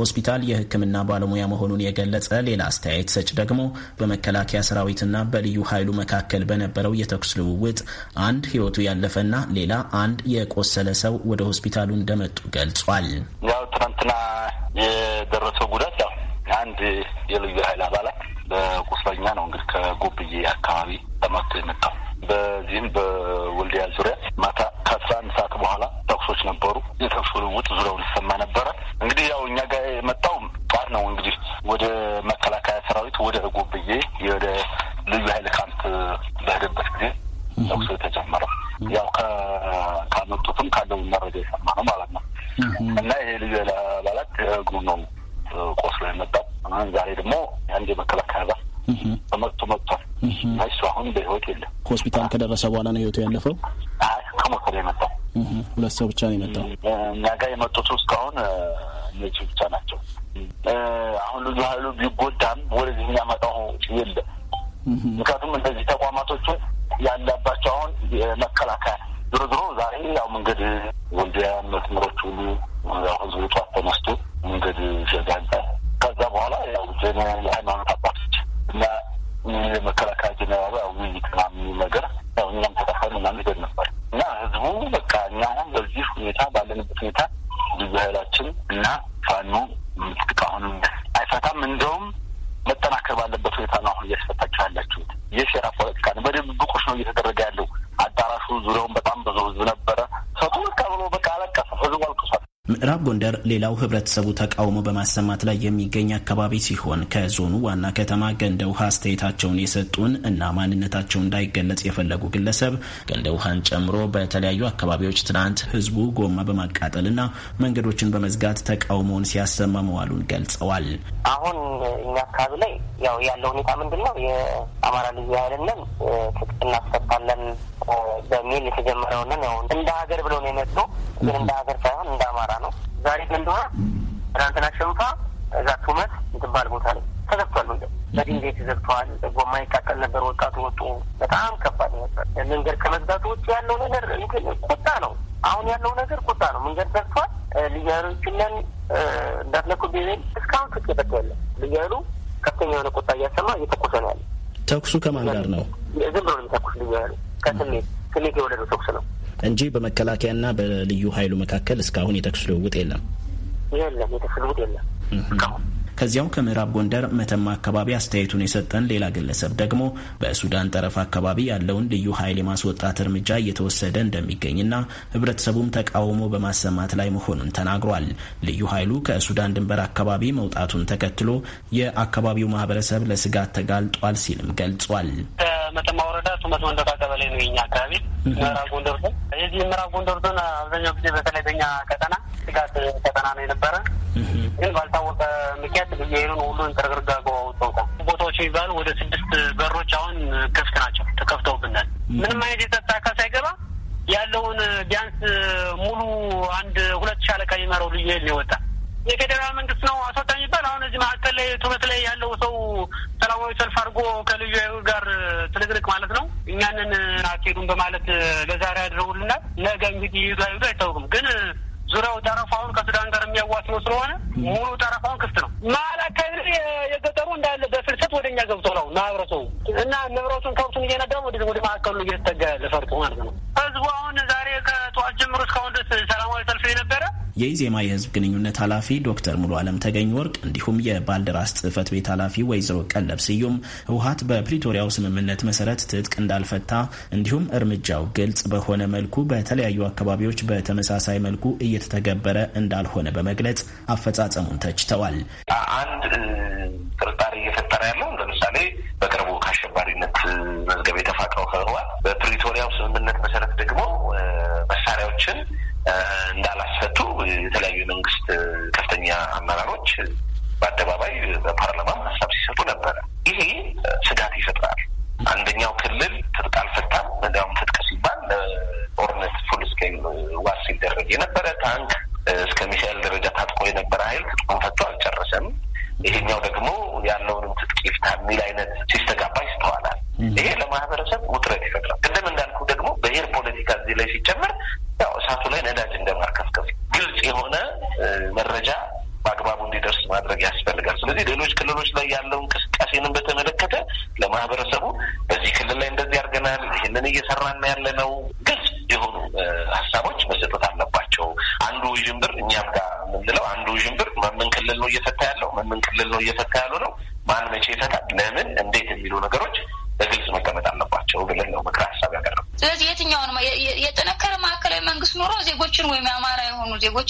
ሆስፒታል የሕክምና ባለሙያ መሆኑን የገለጸ ሌላ አስተያየት ሰጭ ደግሞ በመከላከያ ሰራዊትና በልዩ ኃይሉ መካከል በነበረው የተኩስ ልውውጥ አንድ ሕይወቱ ያለፈና ሌላ አንድ የቆሰለ ሰው ወደ ሆስፒታሉ እንደመጡ ገልጿል። በሄደበት ጊዜ ተኩሱ የተጀመረው ያው ካመጡትም ካለው መረጃ የሰማ ነው ማለት ነው። እና ይሄ ልዩ ለአባላት እግሩ ነው ቆስሎ የመጣው። ዛሬ ደግሞ አንድ የመከላከያ ባል በመጡ መጥቷል። እሱ አሁን በህይወት የለም። ሆስፒታል ከደረሰ በኋላ ነው ህይወቱ ያለፈው። ከሞተ የመጣው። ሁለት ሰው ብቻ ነው የመጣው። እኛ ጋር የመጡት እስካሁን ነጅ ሌላው ህብረተሰቡ ተቃውሞ በማሰማት ላይ የሚገኝ አካባቢ ሲሆን ከዞኑ ዋና ከተማ ገንደ ውሃ አስተያየታቸውን የሰጡን እና ማንነታቸው እንዳይገለጽ የፈለጉ ግለሰብ ገንደ ውሃን ጨምሮ በተለያዩ አካባቢዎች ትናንት ህዝቡ ጎማ በማቃጠልና መንገዶችን በመዝጋት ተቃውሞውን ሲያሰማ መዋሉን ገልጸዋል። አሁን እኛ አካባቢ ላይ ያው ያለው ሁኔታ ምንድን ነው? የአማራ ልዩ ኃይልንም ትጥቅ እናስፈታለን በሚል የተጀመረውንን ነው እንደ ሀገር ብለው ነው የመጡ ግን ክለን እንዳትለኩ ጊዜ እስካሁን ክስ ፍቅ የፈትያለ ብያሉ ከፍተኛ የሆነ ቁጣ እያሰማ እየተኮሰ ነው ያለ። ተኩሱ ከማን ጋር ነው? ዝም ብሎ የሚተኩስ ልያሉ ከስሜት ስሜት የወለደው ተኩስ ነው እንጂ በመከላከያና በልዩ ኃይሉ መካከል እስካሁን የተኩስ ልውውጥ የለም። የለም የተኩስ ልውውጥ የለም እስካሁን ከዚያው ከምዕራብ ጎንደር መተማ አካባቢ አስተያየቱን የሰጠን ሌላ ግለሰብ ደግሞ በሱዳን ጠረፍ አካባቢ ያለውን ልዩ ኃይል የማስወጣት እርምጃ እየተወሰደ እንደሚገኝና ህብረተሰቡም ተቃውሞ በማሰማት ላይ መሆኑን ተናግሯል። ልዩ ኃይሉ ከሱዳን ድንበር አካባቢ መውጣቱን ተከትሎ የአካባቢው ማህበረሰብ ለስጋት ተጋልጧል ሲልም ገልጿል። ከመተማ ወረዳ ቱመት መንደፋ ቀበሌ ነው የኛ አካባቢ ምዕራብ ጎንደር ዞን። የዚህ ምዕራብ ጎንደር ዞን አብዛኛው ጊዜ በተለይ በኛ ቀጠና ስጋት ቀጠና ነው የነበረ። ግን ባልታወቀ ምክንያት ይህንን ሁሉ እንጥርግርጋጎ አውጥተውታል። ቦታዎች የሚባሉ ወደ ስድስት በሮች አሁን ክፍት ናቸው፣ ተከፍተውብናል። ምንም አይነት የጸጥታ አካል ሳይገባ ያለውን ቢያንስ ሙሉ አንድ ሁለት ሻለቃ የሚመራው ልዩ ኃይል ይወጣል። የፌዴራል መንግስት ነው አስወጣ የሚባል አሁን እዚህ መካከል ላይ ቱበት ላይ ያለው ሰው ሰላማዊ ሰልፍ አድርጎ ከልዩ ኃይሉ ጋር ትንቅንቅ ማለት ነው። እኛንን አትሄዱም በማለት ለዛሬ አድረውልናል። ነገ እንግዲህ ይሉ አይሉ አይታወቅም ግን ዙሪያው ጠረፋውን ከሱዳን ጋር የሚያዋስ ነው ስለሆነ ሙሉ ጠረፋውን ክፍት ነው። መሀል አካባቢ የገጠሩ እንዳለ በፍልሰት ወደ እኛ ገብቶ ነው ማህበረሰቡ እና ንብረቱን ከብቱን እየነዳ ወደ ማዕከሉ እየተጠጋ ያለ ፈርጦ ማለት ነው። ህዝቡ አሁን ዛሬ ከጠዋት ጀምሮ እስካሁን ድረስ ሰላማዊ ሰልፍ የነበረ የኢዜማ የህዝብ ግንኙነት ኃላፊ ዶክተር ሙሉ አለም ተገኝ ወርቅ እንዲሁም የባልደራስ ጽህፈት ቤት ኃላፊ ወይዘሮ ቀለብ ስዩም ህወሀት በፕሪቶሪያው ስምምነት መሰረት ትጥቅ እንዳልፈታ እንዲሁም እርምጃው ግልጽ በሆነ መልኩ በተለያዩ አካባቢዎች በተመሳሳይ መልኩ እየተተገበረ እንዳልሆነ በመግለጽ አፈጻጸሙን ተችተዋል። አንድ ጥርጣሬ እየፈጠረ ያለው ለምሳሌ በቅርቡ ከአሸባሪነት መዝገብ የተፋቀው ህወሀት በፕሪቶሪያው ስምምነት እንዳላስፈቱ የተለያዩ የመንግስት ከፍተኛ አመራሮች በአደባባይ በፓርላማ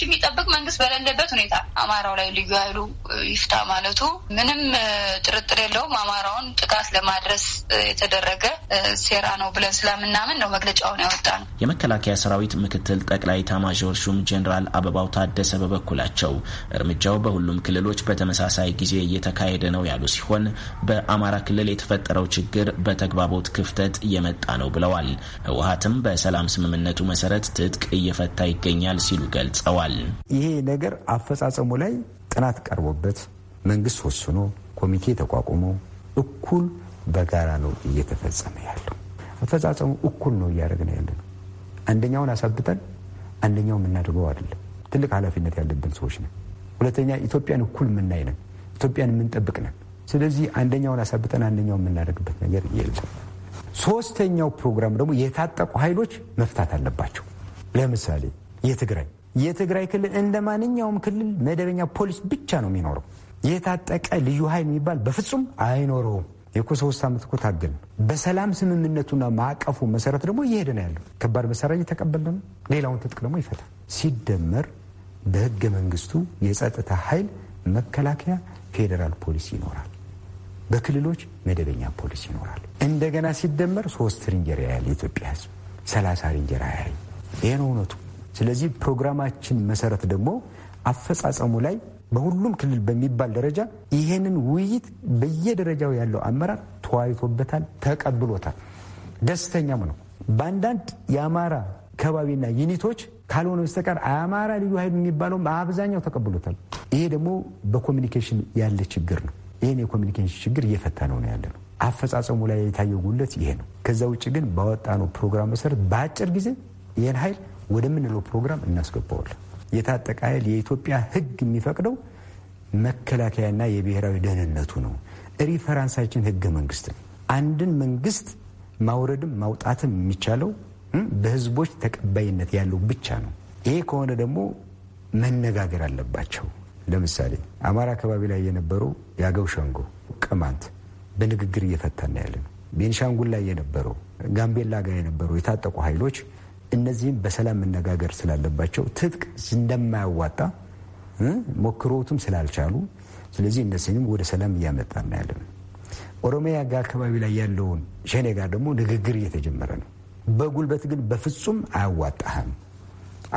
መብቶች የሚጠብቅ መንግስት በሌለበት ሁኔታ አማራው ላይ ልዩ ኃይሉ ይፍታ ማለቱ ምንም ጥርጥር የለውም። አማራውን ጥቃት ለማድረስ የተደረገ ሴራ ነው ብለን ስለምናምን ነው መግለጫውን ያወጣ ነው። የመከላከያ ሰራዊት ምክትል ጠቅላይ ኤታማዦር ሹም ጄኔራል አበባው ታደሰ በበኩላቸው እርምጃው በሁሉም ክልሎች በተመሳሳይ ጊዜ እየተካሄደ ነው ያሉ ሲሆን በአማራ ክልል የተፈጠረው ችግር በተግባቦት ክፍተት የመጣ ነው ብለዋል። ህወሀትም በሰላም ስምምነቱ መሰረት ትጥቅ እየፈታ ይገኛል ሲሉ ገልጸዋል። ይሄ ነገር አፈጻጸሙ ላይ ጥናት ቀርቦበት መንግስት ወስኖ ኮሚቴ ተቋቁሞ እኩል በጋራ ነው እየተፈጸመ ያለው። አፈጻጸሙ እኩል ነው እያደረግን ያለ ነው። አንደኛውን አሳብተን አንደኛው የምናደርገው አይደለም። ትልቅ ኃላፊነት ያለብን ሰዎች ነን። ሁለተኛ ኢትዮጵያን እኩል የምናይ ነን። ኢትዮጵያን የምንጠብቅ ነን። ስለዚህ አንደኛውን አሳብተን አንደኛው የምናደርግበት ነገር የለም። ሶስተኛው ፕሮግራም ደግሞ የታጠቁ ኃይሎች መፍታት አለባቸው። ለምሳሌ የትግራይ የትግራይ ክልል እንደ ማንኛውም ክልል መደበኛ ፖሊስ ብቻ ነው የሚኖረው። የታጠቀ ልዩ ኃይል የሚባል በፍጹም አይኖረውም። የኮ ሶስት ዓመት እኮ ታገል በሰላም ስምምነቱና ማዕቀፉ መሰረት ደግሞ እየሄደ ነው ያለው። ከባድ መሳሪያ እየተቀበለ ነው። ሌላውን ትጥቅ ደግሞ ይፈታል። ሲደመር በህገ መንግስቱ የጸጥታ ኃይል መከላከያ፣ ፌዴራል ፖሊስ ይኖራል። በክልሎች መደበኛ ፖሊስ ይኖራል። እንደገና ሲደመር ሶስት ሪንጀር ያያል የኢትዮጵያ ህዝብ ሰላሳ ሪንጀር ያያል። ይህ ነው እውነቱ። ስለዚህ ፕሮግራማችን መሰረት ደግሞ አፈጻጸሙ ላይ በሁሉም ክልል በሚባል ደረጃ ይሄንን ውይይት በየደረጃው ያለው አመራር ተወያይቶበታል፣ ተቀብሎታል፣ ደስተኛም ነው። በአንዳንድ የአማራ ከባቢና ዩኒቶች ካልሆነ በስተቀር አማራ ልዩ ኃይል የሚባለውም አብዛኛው ተቀብሎታል። ይሄ ደግሞ በኮሚኒኬሽን ያለ ችግር ነው። ይህን የኮሚኒኬሽን ችግር እየፈታ ነው ነው ያለ ነው። አፈጻጸሙ ላይ የታየው ጉለት ይሄ ነው። ከዛ ውጭ ግን ባወጣነው ፕሮግራም መሰረት በአጭር ጊዜ ይህን ኃይል ወደምንለው ፕሮግራም እናስገባዋለን። የታጠቀ ኃይል የኢትዮጵያ ህግ የሚፈቅደው መከላከያና የብሔራዊ ደህንነቱ ነው። ሪፈራንሳችን ህገ መንግስት ነው። አንድን መንግስት ማውረድም ማውጣትም የሚቻለው በህዝቦች ተቀባይነት ያለው ብቻ ነው። ይሄ ከሆነ ደግሞ መነጋገር አለባቸው። ለምሳሌ አማራ አካባቢ ላይ የነበረው የአገው ሸንጎ ቅማንት በንግግር እየፈታና ያለ ነው። ቤንሻንጉል ላይ የነበረው ጋምቤላ ጋር የነበረው የታጠቁ ኃይሎች እነዚህም በሰላም መነጋገር ስላለባቸው ትጥቅ እንደማያዋጣ ሞክሮትም ስላልቻሉ ስለዚህ እነዚህንም ወደ ሰላም እያመጣ እናያለን። ኦሮሚያ ጋር አካባቢ ላይ ያለውን ሸኔ ጋር ደግሞ ንግግር እየተጀመረ ነው። በጉልበት ግን በፍጹም አያዋጣህም።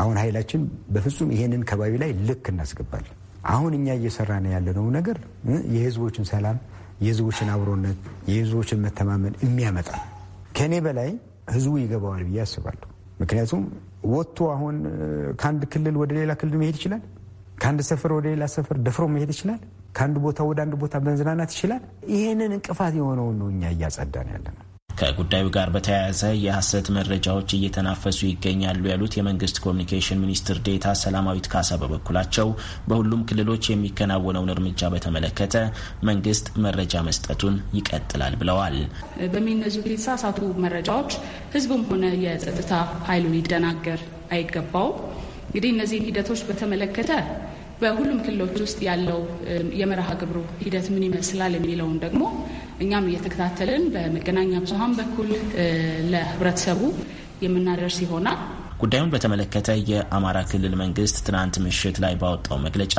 አሁን ኃይላችን በፍጹም ይሄንን ከባቢ ላይ ልክ እናስገባለን። አሁን እኛ ነው ያለነው ነገር የህዝቦችን ሰላም፣ የህዝቦችን አብሮነት፣ የህዝቦችን መተማመን የሚያመጣ ከእኔ በላይ ህዝቡ ይገባዋል ብዬ አስባለሁ። ምክንያቱም ወጥቶ አሁን ከአንድ ክልል ወደ ሌላ ክልል መሄድ ይችላል። ከአንድ ሰፈር ወደ ሌላ ሰፈር ደፍሮ መሄድ ይችላል። ከአንድ ቦታ ወደ አንድ ቦታ መዝናናት ይችላል። ይህንን እንቅፋት የሆነውን ነው እኛ እያጸዳን ያለነው። ከጉዳዩ ጋር በተያያዘ የሐሰት መረጃዎች እየተናፈሱ ይገኛሉ ያሉት የመንግስት ኮሚኒኬሽን ሚኒስትር ዴታ ሰላማዊት ካሳ በበኩላቸው በሁሉም ክልሎች የሚከናወነውን እርምጃ በተመለከተ መንግስት መረጃ መስጠቱን ይቀጥላል ብለዋል። በሚነዙ የተሳሳቱ መረጃዎች ህዝቡም ሆነ የጸጥታ ኃይሉ ሊደናገር አይገባውም። እንግዲህ እነዚህን ሂደቶች በተመለከተ በሁሉም ክልሎች ውስጥ ያለው የመርሃ ግብሩ ሂደት ምን ይመስላል የሚለውን ደግሞ እኛም እየተከታተልን በመገናኛ ብዙሀን በኩል ለህብረተሰቡ የምናደርስ ይሆናል። ጉዳዩን በተመለከተ የአማራ ክልል መንግስት ትናንት ምሽት ላይ ባወጣው መግለጫ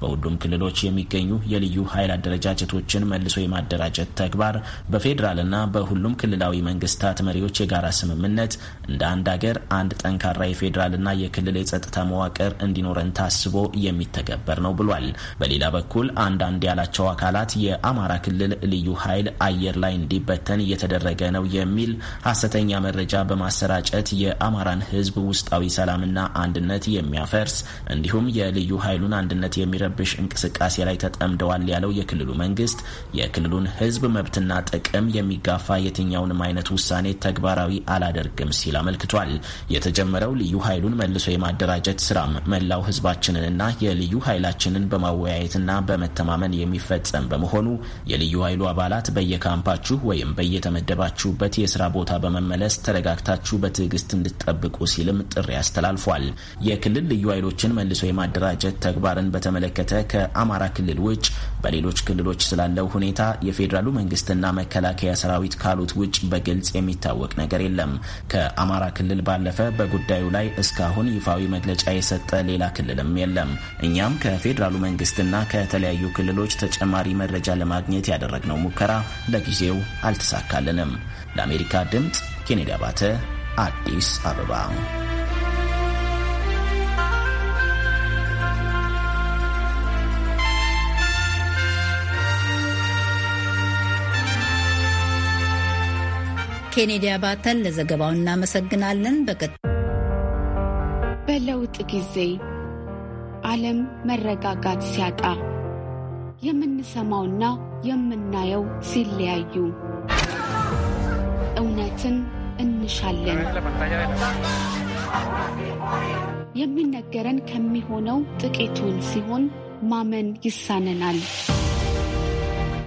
በሁሉም ክልሎች የሚገኙ የልዩ ኃይል አደረጃጀቶችን መልሶ የማደራጀት ተግባር በፌዴራልና በሁሉም ክልላዊ መንግስታት መሪዎች የጋራ ስምምነት እንደ አንድ አገር አንድ ጠንካራ የፌዴራልና የክልል የጸጥታ መዋቅር እንዲኖረን ታስቦ የሚተገበር ነው ብሏል። በሌላ በኩል አንዳንድ ያላቸው አካላት የአማራ ክልል ልዩ ኃይል አየር ላይ እንዲበተን እየተደረገ ነው የሚል ሀሰተኛ መረጃ በማሰራጨት የአማራን ህዝብ ውስጣዊ ሰላምና አንድነት የሚያፈርስ እንዲሁም የልዩ ኃይሉን አንድነት የሚረብሽ እንቅስቃሴ ላይ ተጠምደዋል ያለው የክልሉ መንግስት የክልሉን ህዝብ መብትና ጥቅም የሚጋፋ የትኛውንም አይነት ውሳኔ ተግባራዊ አላደርግም ሲል አመልክቷል። የተጀመረው ልዩ ኃይሉን መልሶ የማደራጀት ስራም መላው ህዝባችንንና የልዩ ኃይላችንን በማወያየትና በመተማመን የሚፈጸም በመሆኑ የልዩ ኃይሉ አባላት በየካምፓችሁ ወይም በየተመደባችሁበት የስራ ቦታ በመመለስ ተረጋግታችሁ በትዕግስት እንድትጠብቁ ሲል ሲልም ጥሪ አስተላልፏል። የክልል ልዩ ኃይሎችን መልሶ የማደራጀት ተግባርን በተመለከተ ከአማራ ክልል ውጭ በሌሎች ክልሎች ስላለው ሁኔታ የፌዴራሉ መንግስትና መከላከያ ሰራዊት ካሉት ውጭ በግልጽ የሚታወቅ ነገር የለም። ከአማራ ክልል ባለፈ በጉዳዩ ላይ እስካሁን ይፋዊ መግለጫ የሰጠ ሌላ ክልልም የለም። እኛም ከፌዴራሉ መንግስትና ከተለያዩ ክልሎች ተጨማሪ መረጃ ለማግኘት ያደረግነው ሙከራ ለጊዜው አልተሳካልንም። ለአሜሪካ ድምፅ ኬኔዲ አባተ አዲስ አበባ። ኬኔዲ አባተን ለዘገባው እናመሰግናለን። በለውጥ ጊዜ ዓለም መረጋጋት ሲያጣ የምንሰማውና የምናየው ሲለያዩ እውነትን እንሻለን። የሚነገረን ከሚሆነው ጥቂቱን ሲሆን ማመን ይሳነናል።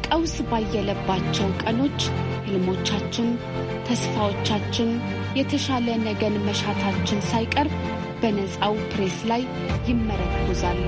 ቀውስ ባየለባቸው ቀኖች ህልሞቻችን፣ ተስፋዎቻችን፣ የተሻለ ነገን መሻታችን ሳይቀርብ በነፃው ፕሬስ ላይ ይመረኮዛሉ።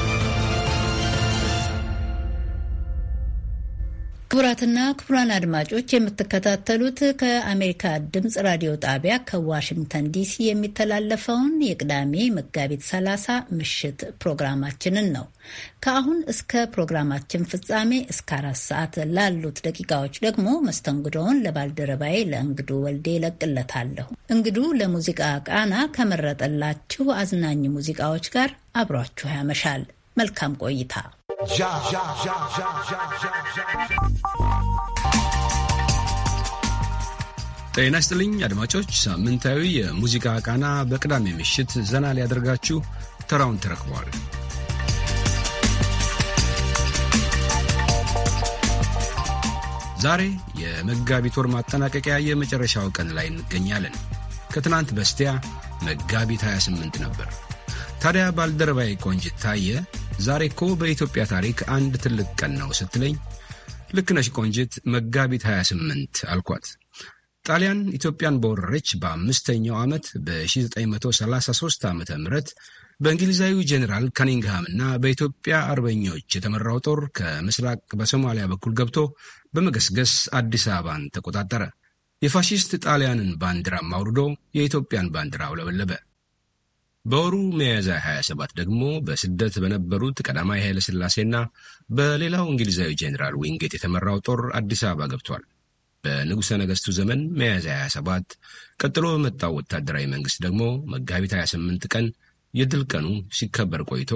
ክቡራትና ክቡራን አድማጮች የምትከታተሉት ከአሜሪካ ድምፅ ራዲዮ ጣቢያ ከዋሽንግተን ዲሲ የሚተላለፈውን የቅዳሜ መጋቢት 30 ምሽት ፕሮግራማችንን ነው። ከአሁን እስከ ፕሮግራማችን ፍጻሜ እስከ አራት ሰዓት ላሉት ደቂቃዎች ደግሞ መስተንግዶውን ለባልደረባዬ ለእንግዱ ወልዴ ለቅለታለሁ። እንግዱ ለሙዚቃ ቃና ከመረጠላችሁ አዝናኝ ሙዚቃዎች ጋር አብሯችሁ ያመሻል። መልካም ቆይታ። Ya, ya, ya, ya, ya, ya, ጤና ይስጥልኝ አድማጮች። ሳምንታዊ የሙዚቃ ቃና በቅዳሜ ምሽት ዘና ሊያደርጋችሁ ተራውን ተረክቧል። ዛሬ የመጋቢት ወር ማጠናቀቂያ የመጨረሻው ቀን ላይ እንገኛለን። ከትናንት በስቲያ መጋቢት 28 ነበር። ታዲያ ባልደረባዬ ቆንጅት ታየ ዛሬ እኮ በኢትዮጵያ ታሪክ አንድ ትልቅ ቀን ነው ስትለኝ ልክ ነሽ ቆንጅት፣ መጋቢት 28 አልኳት። ጣሊያን ኢትዮጵያን በወረረች በአምስተኛው ዓመት በ1933 ዓ ም በእንግሊዛዊ ጄኔራል ከኒንግሃም እና በኢትዮጵያ አርበኞች የተመራው ጦር ከምስራቅ በሶማሊያ በኩል ገብቶ በመገስገስ አዲስ አበባን ተቆጣጠረ። የፋሺስት ጣሊያንን ባንዲራም አውርዶ የኢትዮጵያን ባንዲራ አውለበለበ። በወሩ ሚያዝያ 27 ደግሞ በስደት በነበሩት ቀዳማዊ ሥላሴና በሌላው እንግሊዛዊ ጄኔራል ዊንጌት የተመራው ጦር አዲስ አበባ ገብቷል። በንጉሠ ነገሥቱ ዘመን ሚያዝያ 27 ቀጥሎ በመጣው ወታደራዊ መንግሥት ደግሞ መጋቢት 28 ቀን የድል ቀኑ ሲከበር ቆይቶ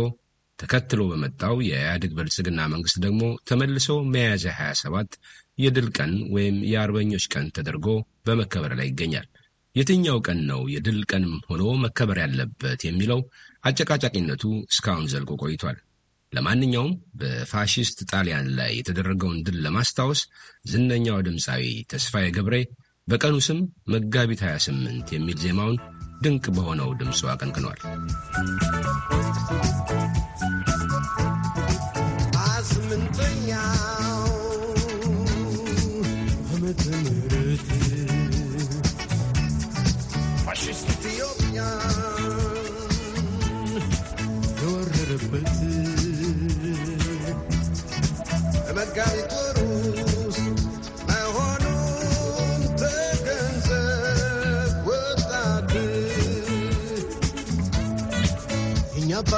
ተከትሎ በመጣው የኢህአዴግ ብልጽግና መንግሥት ደግሞ ተመልሶ ሚያዝያ 27 የድል ቀን ወይም የአርበኞች ቀን ተደርጎ በመከበር ላይ ይገኛል። የትኛው ቀን ነው የድል ቀንም ሆኖ መከበር ያለበት የሚለው አጨቃጫቂነቱ እስካሁን ዘልቆ ቆይቷል። ለማንኛውም በፋሽስት ጣሊያን ላይ የተደረገውን ድል ለማስታወስ ዝነኛው ድምፃዊ ተስፋዬ ገብሬ በቀኑ ስም መጋቢት 28 የሚል ዜማውን ድንቅ በሆነው ድምፁ አቀንቅኗል።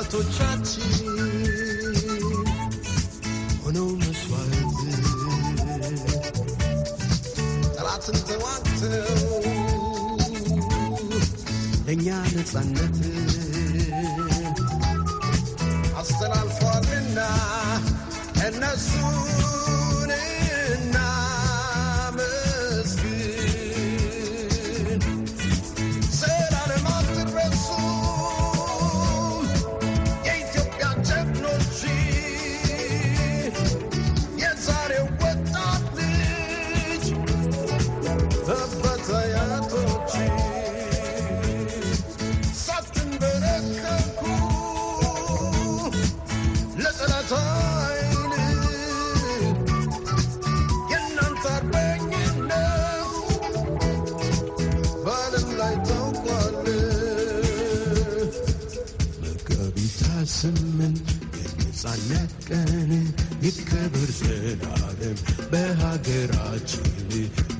አባቶቻችን ሆነው መስዋዕት ጠላትን ተዋግተው ለእኛ ነጻነት አስተላልፏልና እነሱ ይከበር ዘላለም በሀገራችን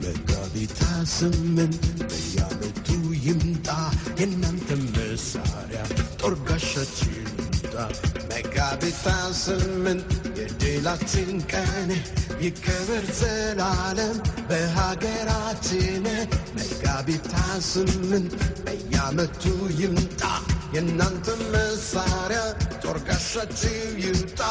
መጋቢት ስምንት በየዓመቱ ይምጣ የእናንተም መሳሪያ ጦር ጋሻችን ይምጣ መጋቢት ስምንት የድላችን ቀን ይከበር ዘላለም በሀገራችን መጋቢት ስምንት በየዓመቱ ይምጣ የእናንተም መሳሪያ ጦር ጋሻችን ይምጣ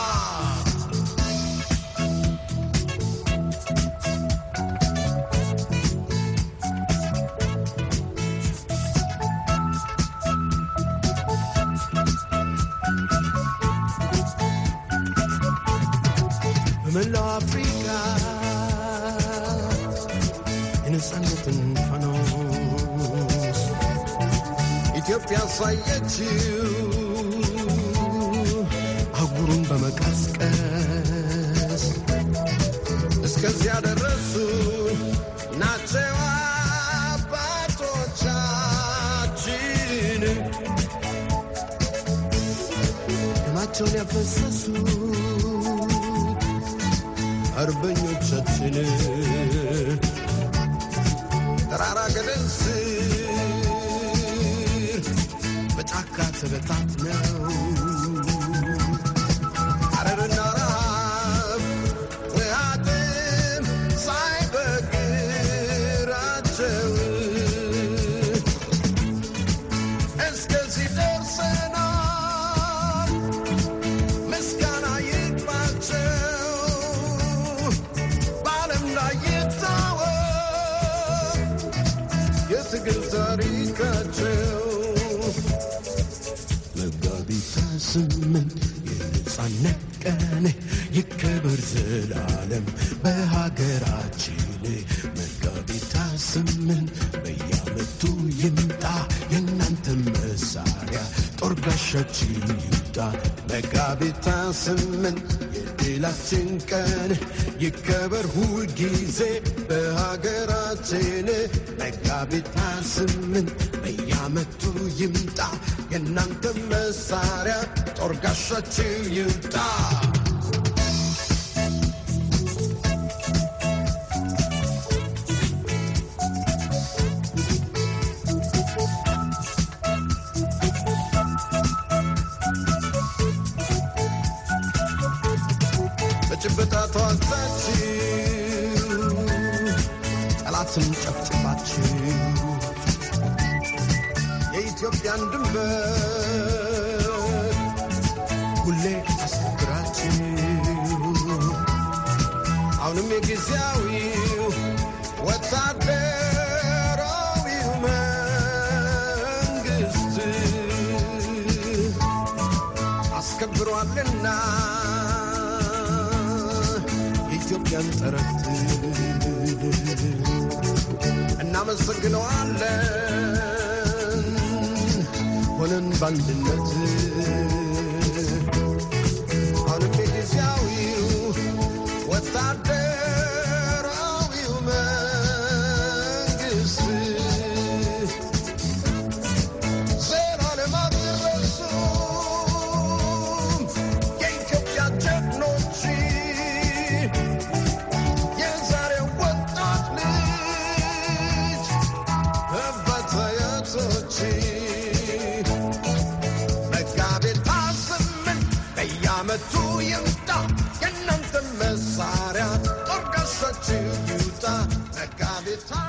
ኢትዮጵያ ያሳየችው አህጉሩን በመቀስቀስ እስከዚያ ደረሱ ናቸው አባቶቻችን ደማቸውን ያፈሰሱት አርበኞቻችን ስብታት ነው አረርና ረሃብ ጥሃትም ሳይበግራቸው እስከዚህ ደርሰናል። ምስጋና ይግባቸው በዓለም ላይ ይታወቅ የእረፍታችን ቀን ይከበር ሁል ጊዜ በሀገራችን መጋቢት ስምንት በየዓመቱ ይምጣ የእናንተ መሳሪያ ጦር ጋሻችን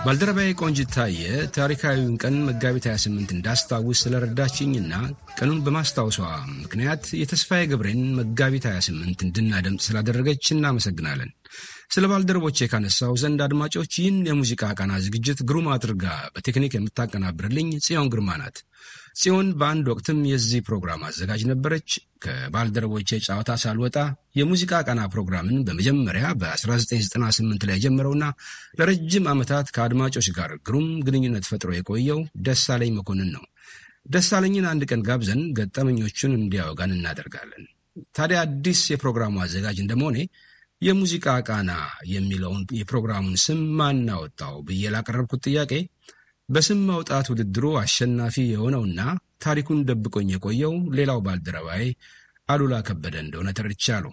ባልደረባዬ ቆንጅት ታየ ታሪካዊውን ቀን መጋቢት 28 እንዳስታውስ ስለረዳችኝና ቀኑን በማስታወሷ ምክንያት የተስፋዬ ገብሬን መጋቢት 28 እንድናደምጥ ስላደረገች እናመሰግናለን። ስለ ባልደረቦቼ ካነሳው ዘንድ አድማጮች፣ ይህን የሙዚቃ ቃና ዝግጅት ግሩም አድርጋ በቴክኒክ የምታቀናብርልኝ ጽዮን ግርማ ናት። ጽዮን በአንድ ወቅትም የዚህ ፕሮግራም አዘጋጅ ነበረች። ከባልደረቦች ጨዋታ ሳልወጣ የሙዚቃ ቀና ፕሮግራምን በመጀመሪያ በ1998 ላይ ጀምረውና ለረጅም ዓመታት ከአድማጮች ጋር ግሩም ግንኙነት ፈጥሮ የቆየው ደሳለኝ መኮንን ነው። ደሳለኝን አንድ ቀን ጋብዘን ገጠመኞቹን እንዲያወጋን እናደርጋለን። ታዲያ አዲስ የፕሮግራሙ አዘጋጅ እንደመሆኔ የሙዚቃ ቃና የሚለውን የፕሮግራሙን ስም ማናወጣው ብዬ ላቀረብኩት ጥያቄ በስም ማውጣት ውድድሩ አሸናፊ የሆነውና ታሪኩን ደብቆኝ የቆየው ሌላው ባልደረባዬ አሉላ ከበደ እንደሆነ ተረድቻለሁ።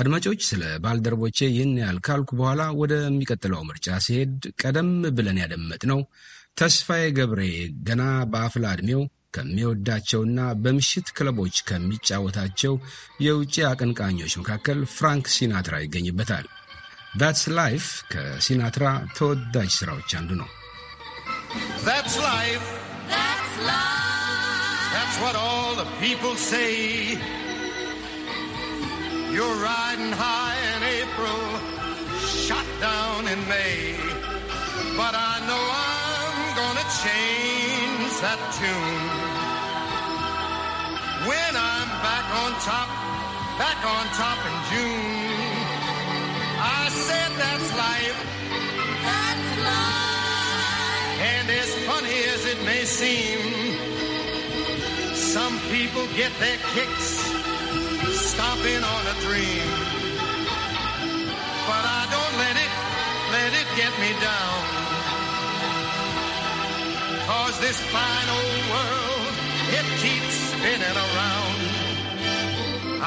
አድማጮች፣ ስለ ባልደረቦቼ ይህን ያህል ካልኩ በኋላ ወደሚቀጥለው ምርጫ ሲሄድ ቀደም ብለን ያደመጥነው ተስፋዬ ገብሬ ገና በአፍላ ዕድሜው ከሚወዳቸውና በምሽት ክለቦች ከሚጫወታቸው የውጭ አቀንቃኞች መካከል ፍራንክ ሲናትራ ይገኝበታል። ዳትስ ላይፍ ከሲናትራ ተወዳጅ ሥራዎች አንዱ ነው። That's life. That's life. That's what all the people say. You're riding high in April, shot down in May. But I know I'm gonna change that tune. When I'm back on top, back on top in June. I said that's life. That's life seem. Some people get their kicks stopping on a dream. But I don't let it, let it get me down. Cause this fine old world, it keeps spinning around.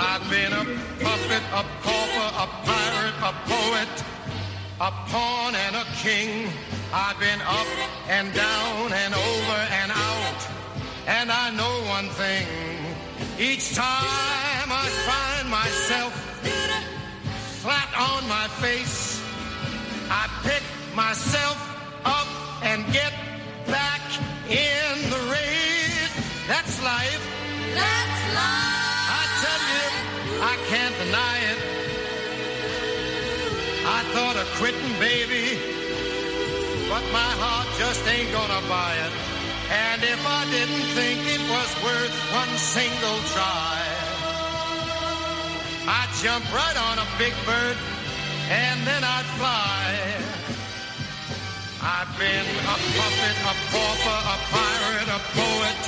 I've been a puppet, a pauper, a pirate, a poet, a pawn and a king. I've been up and down and over and out. And I know one thing. Each time I find myself flat on my face, I pick myself up and get back in the race. That's life. That's life. I tell you, I can't deny it. I thought of quitting, baby but my heart just ain't gonna buy it. And if I didn't think it was worth one single try, I'd jump right on a big bird and then I'd fly. I've been a puppet, a pauper, a pirate, a poet,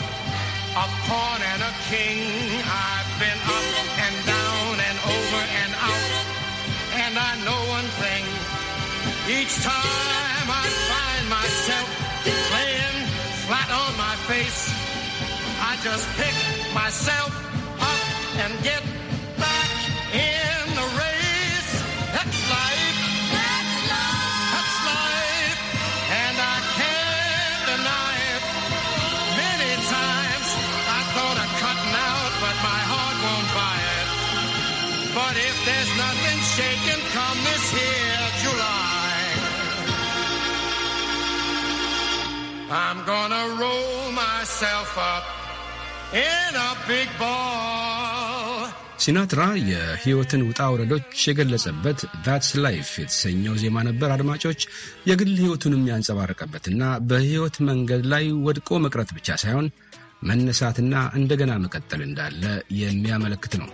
a pawn and a king. I've been up and down and over and out, and I know one thing. Each time I find myself laying flat on my face, I just pick myself up and get myself up in a big ball. ሲናትራ የህይወትን ውጣ ውረዶች የገለጸበት ዛትስ ላይፍ የተሰኘው ዜማ ነበር። አድማጮች፣ የግል ህይወቱንም ያንጸባረቀበትና በህይወት መንገድ ላይ ወድቆ መቅረት ብቻ ሳይሆን መነሳትና እንደገና መቀጠል እንዳለ የሚያመለክት ነው።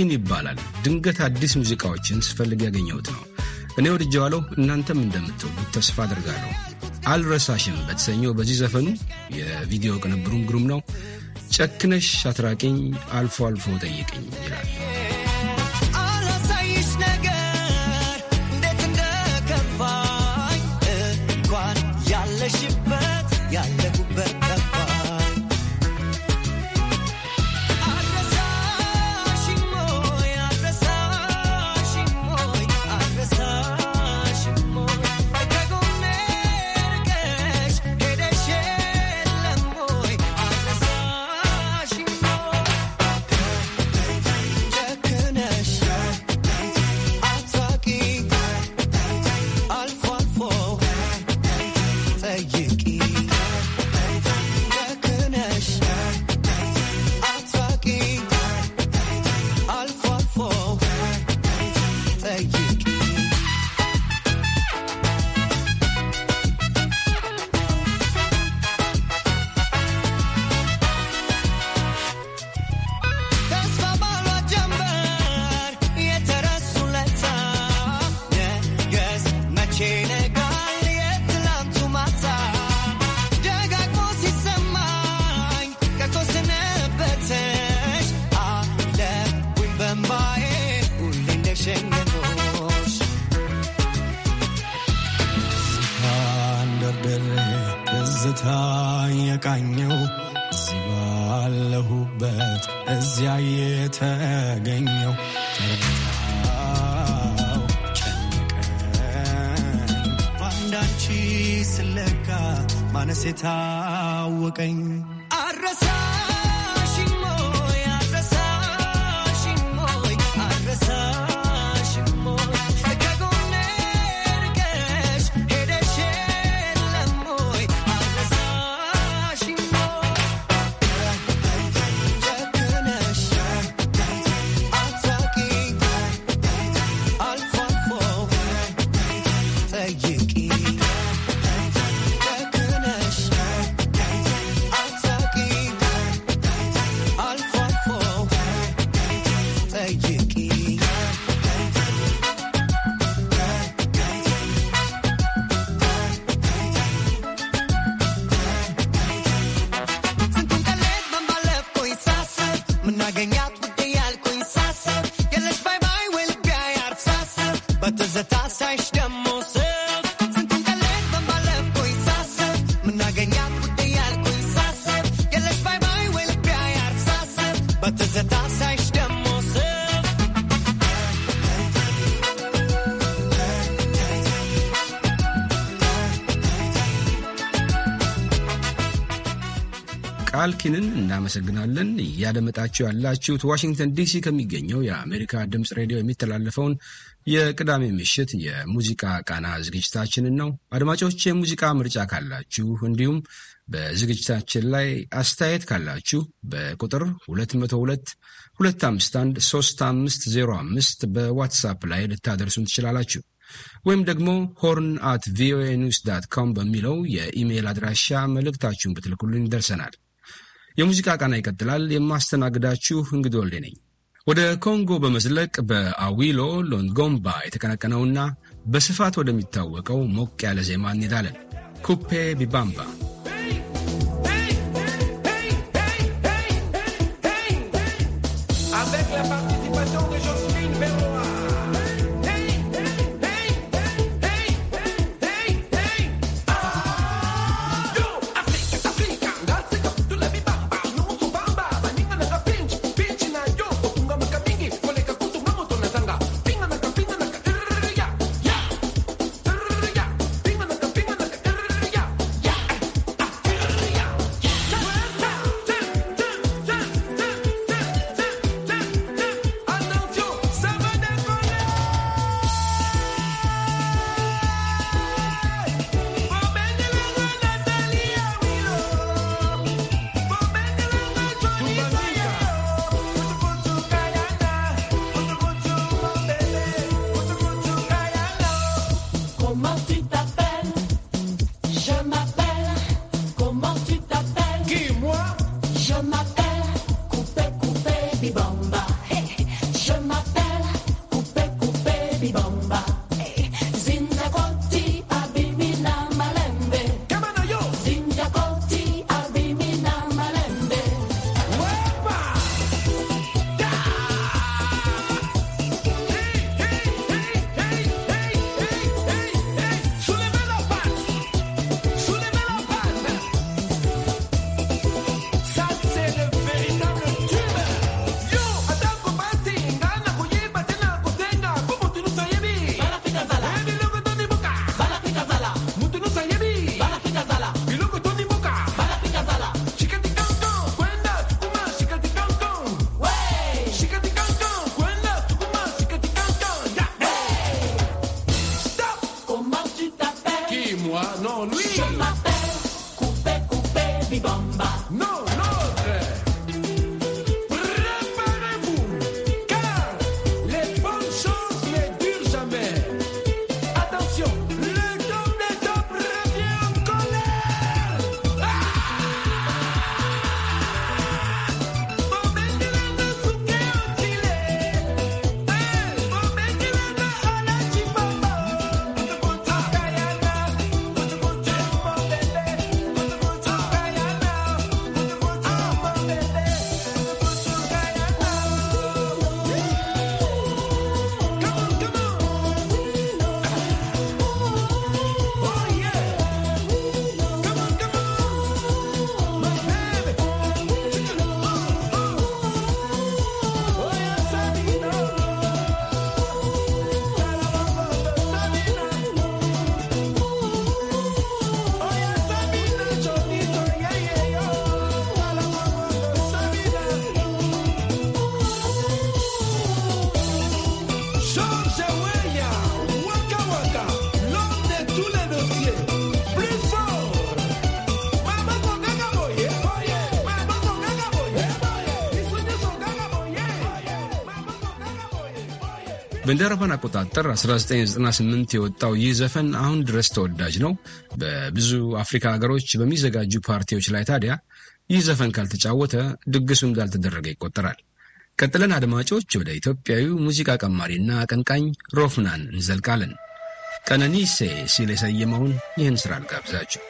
ኪን ይባላል። ድንገት አዲስ ሙዚቃዎችን ስፈልግ ያገኘሁት ነው። እኔ ወድጀዋለሁ፣ እናንተም እንደምትወዱት ተስፋ አድርጋለሁ። አልረሳሽም በተሰኘው በዚህ ዘፈኑ የቪዲዮ ቅንብሩም ግሩም ነው። ጨክነሽ አትራቂኝ፣ አልፎ አልፎ ጠይቅኝ ይላል። ማኪንን እናመሰግናለን። እያደመጣችሁ ያላችሁት ዋሽንግተን ዲሲ ከሚገኘው የአሜሪካ ድምፅ ሬዲዮ የሚተላለፈውን የቅዳሜ ምሽት የሙዚቃ ቃና ዝግጅታችንን ነው። አድማጮች፣ የሙዚቃ ምርጫ ካላችሁ እንዲሁም በዝግጅታችን ላይ አስተያየት ካላችሁ በቁጥር 202 251 3505 በዋትሳፕ ላይ ልታደርሱን ትችላላችሁ ወይም ደግሞ ሆርን አት ቪኦኤ ኒውስ ዳት ኮም በሚለው የኢሜይል አድራሻ መልእክታችሁን ብትልኩልን ይደርሰናል። የሙዚቃ ቃና ይቀጥላል። የማስተናግዳችሁ እንግዶ ወልዴ ነኝ። ወደ ኮንጎ በመዝለቅ በአዊሎ ሎንጎምባ የተቀነቀነውና በስፋት ወደሚታወቀው ሞቅ ያለ ዜማ እንሄዳለን። ኩፔ ቢባምባ እንደ አቆጣጠር 1998 የወጣው ይህ ዘፈን አሁን ድረስ ተወዳጅ ነው። በብዙ አፍሪካ ሀገሮች በሚዘጋጁ ፓርቲዎች ላይ ታዲያ ይህ ዘፈን ካልተጫወተ ድግሱ እንዳልተደረገ ይቆጠራል። ቀጥለን አድማጮች ወደ ኢትዮጵያዊ ሙዚቃ ቀማሪና አቀንቃኝ ሮፍናን እንዘልቃለን። ቀነኒሴ ሲል የሰየመውን ይህን ስራ ልጋብዛችሁ።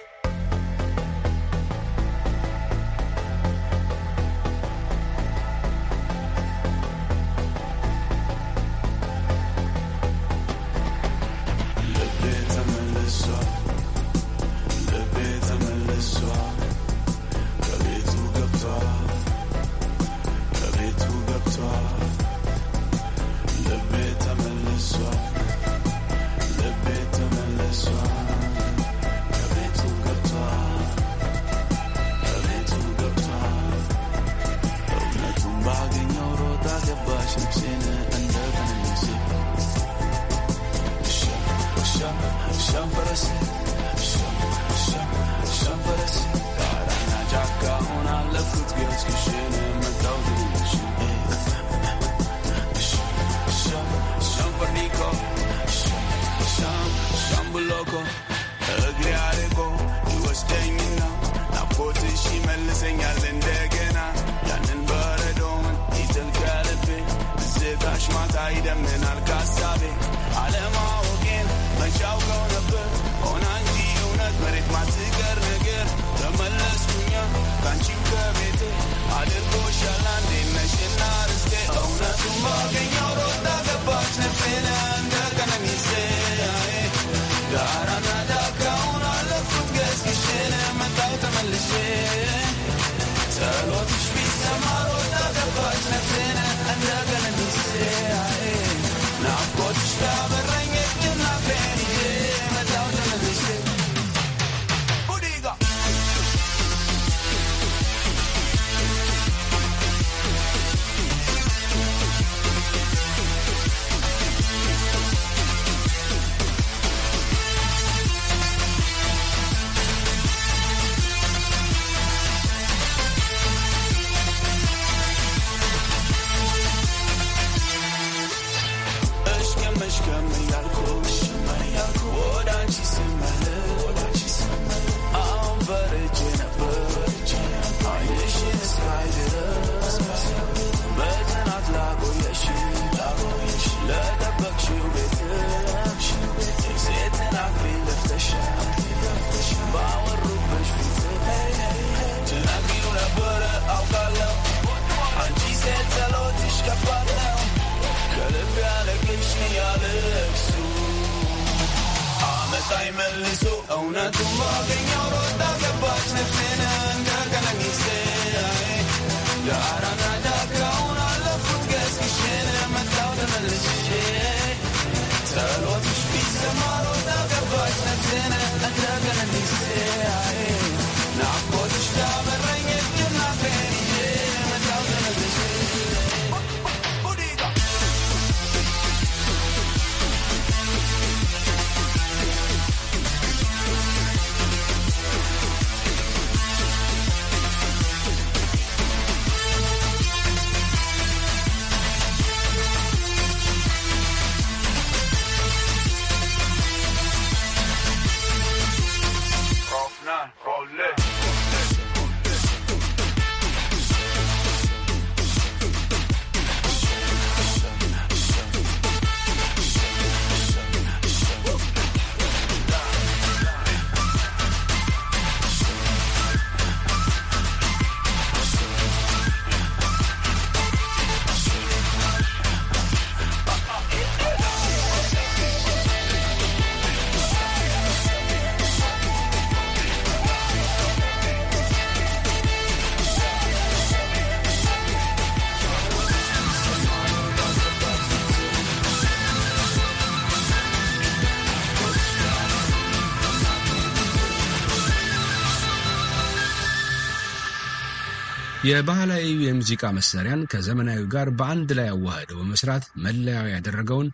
የባህላዊ የሙዚቃ መሳሪያን ከዘመናዊ ጋር በአንድ ላይ አዋህደው በመስራት መለያው ያደረገውን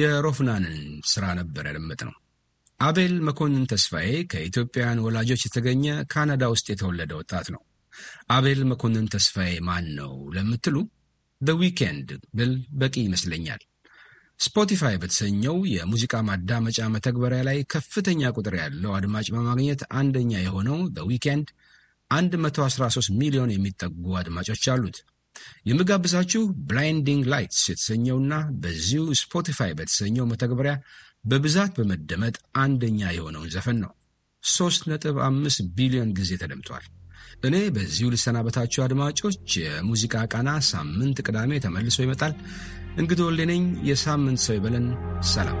የሮፍናንን ስራ ነበር ያደመጥ ነው። አቤል መኮንን ተስፋዬ ከኢትዮጵያውያን ወላጆች የተገኘ ካናዳ ውስጥ የተወለደ ወጣት ነው። አቤል መኮንን ተስፋዬ ማን ነው ለምትሉ በዊኬንድ ብል በቂ ይመስለኛል። ስፖቲፋይ በተሰኘው የሙዚቃ ማዳመጫ መተግበሪያ ላይ ከፍተኛ ቁጥር ያለው አድማጭ በማግኘት አንደኛ የሆነው በዊኬንድ 113 ሚሊዮን የሚጠጉ አድማጮች አሉት። የምጋብዛችሁ ብላይንዲንግ ላይትስ የተሰኘውና በዚሁ ስፖቲፋይ በተሰኘው መተግበሪያ በብዛት በመደመጥ አንደኛ የሆነውን ዘፈን ነው። 3.5 ቢሊዮን ጊዜ ተደምጧል። እኔ በዚሁ ልሰናበታችሁ አድማጮች። የሙዚቃ ቃና ሳምንት ቅዳሜ ተመልሶ ይመጣል። እንግዶ ሌነኝ የሳምንት ሰው ይበለን። ሰላም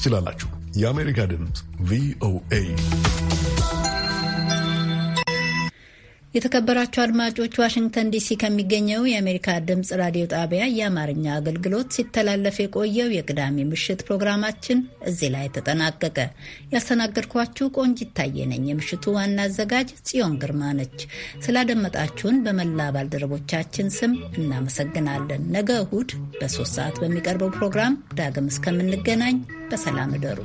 ትችላላችሁ። የአሜሪካ ድምፅ ቪኦኤ የተከበራቸው አድማጮች ዋሽንግተን ዲሲ ከሚገኘው የአሜሪካ ድምፅ ራዲዮ ጣቢያ የአማርኛ አገልግሎት ሲተላለፍ የቆየው የቅዳሜ ምሽት ፕሮግራማችን እዚህ ላይ ተጠናቀቀ። ያስተናገድኳችሁ ቆንጅ ይታየ ነኝ። የምሽቱ ዋና አዘጋጅ ጽዮን ግርማ ነች። ስላደመጣችሁን በመላ ባልደረቦቻችን ስም እናመሰግናለን። ነገ እሁድ በሶስት ሰዓት በሚቀርበው ፕሮግራም ዳግም እስከምንገናኝ በሰላም እደሩ።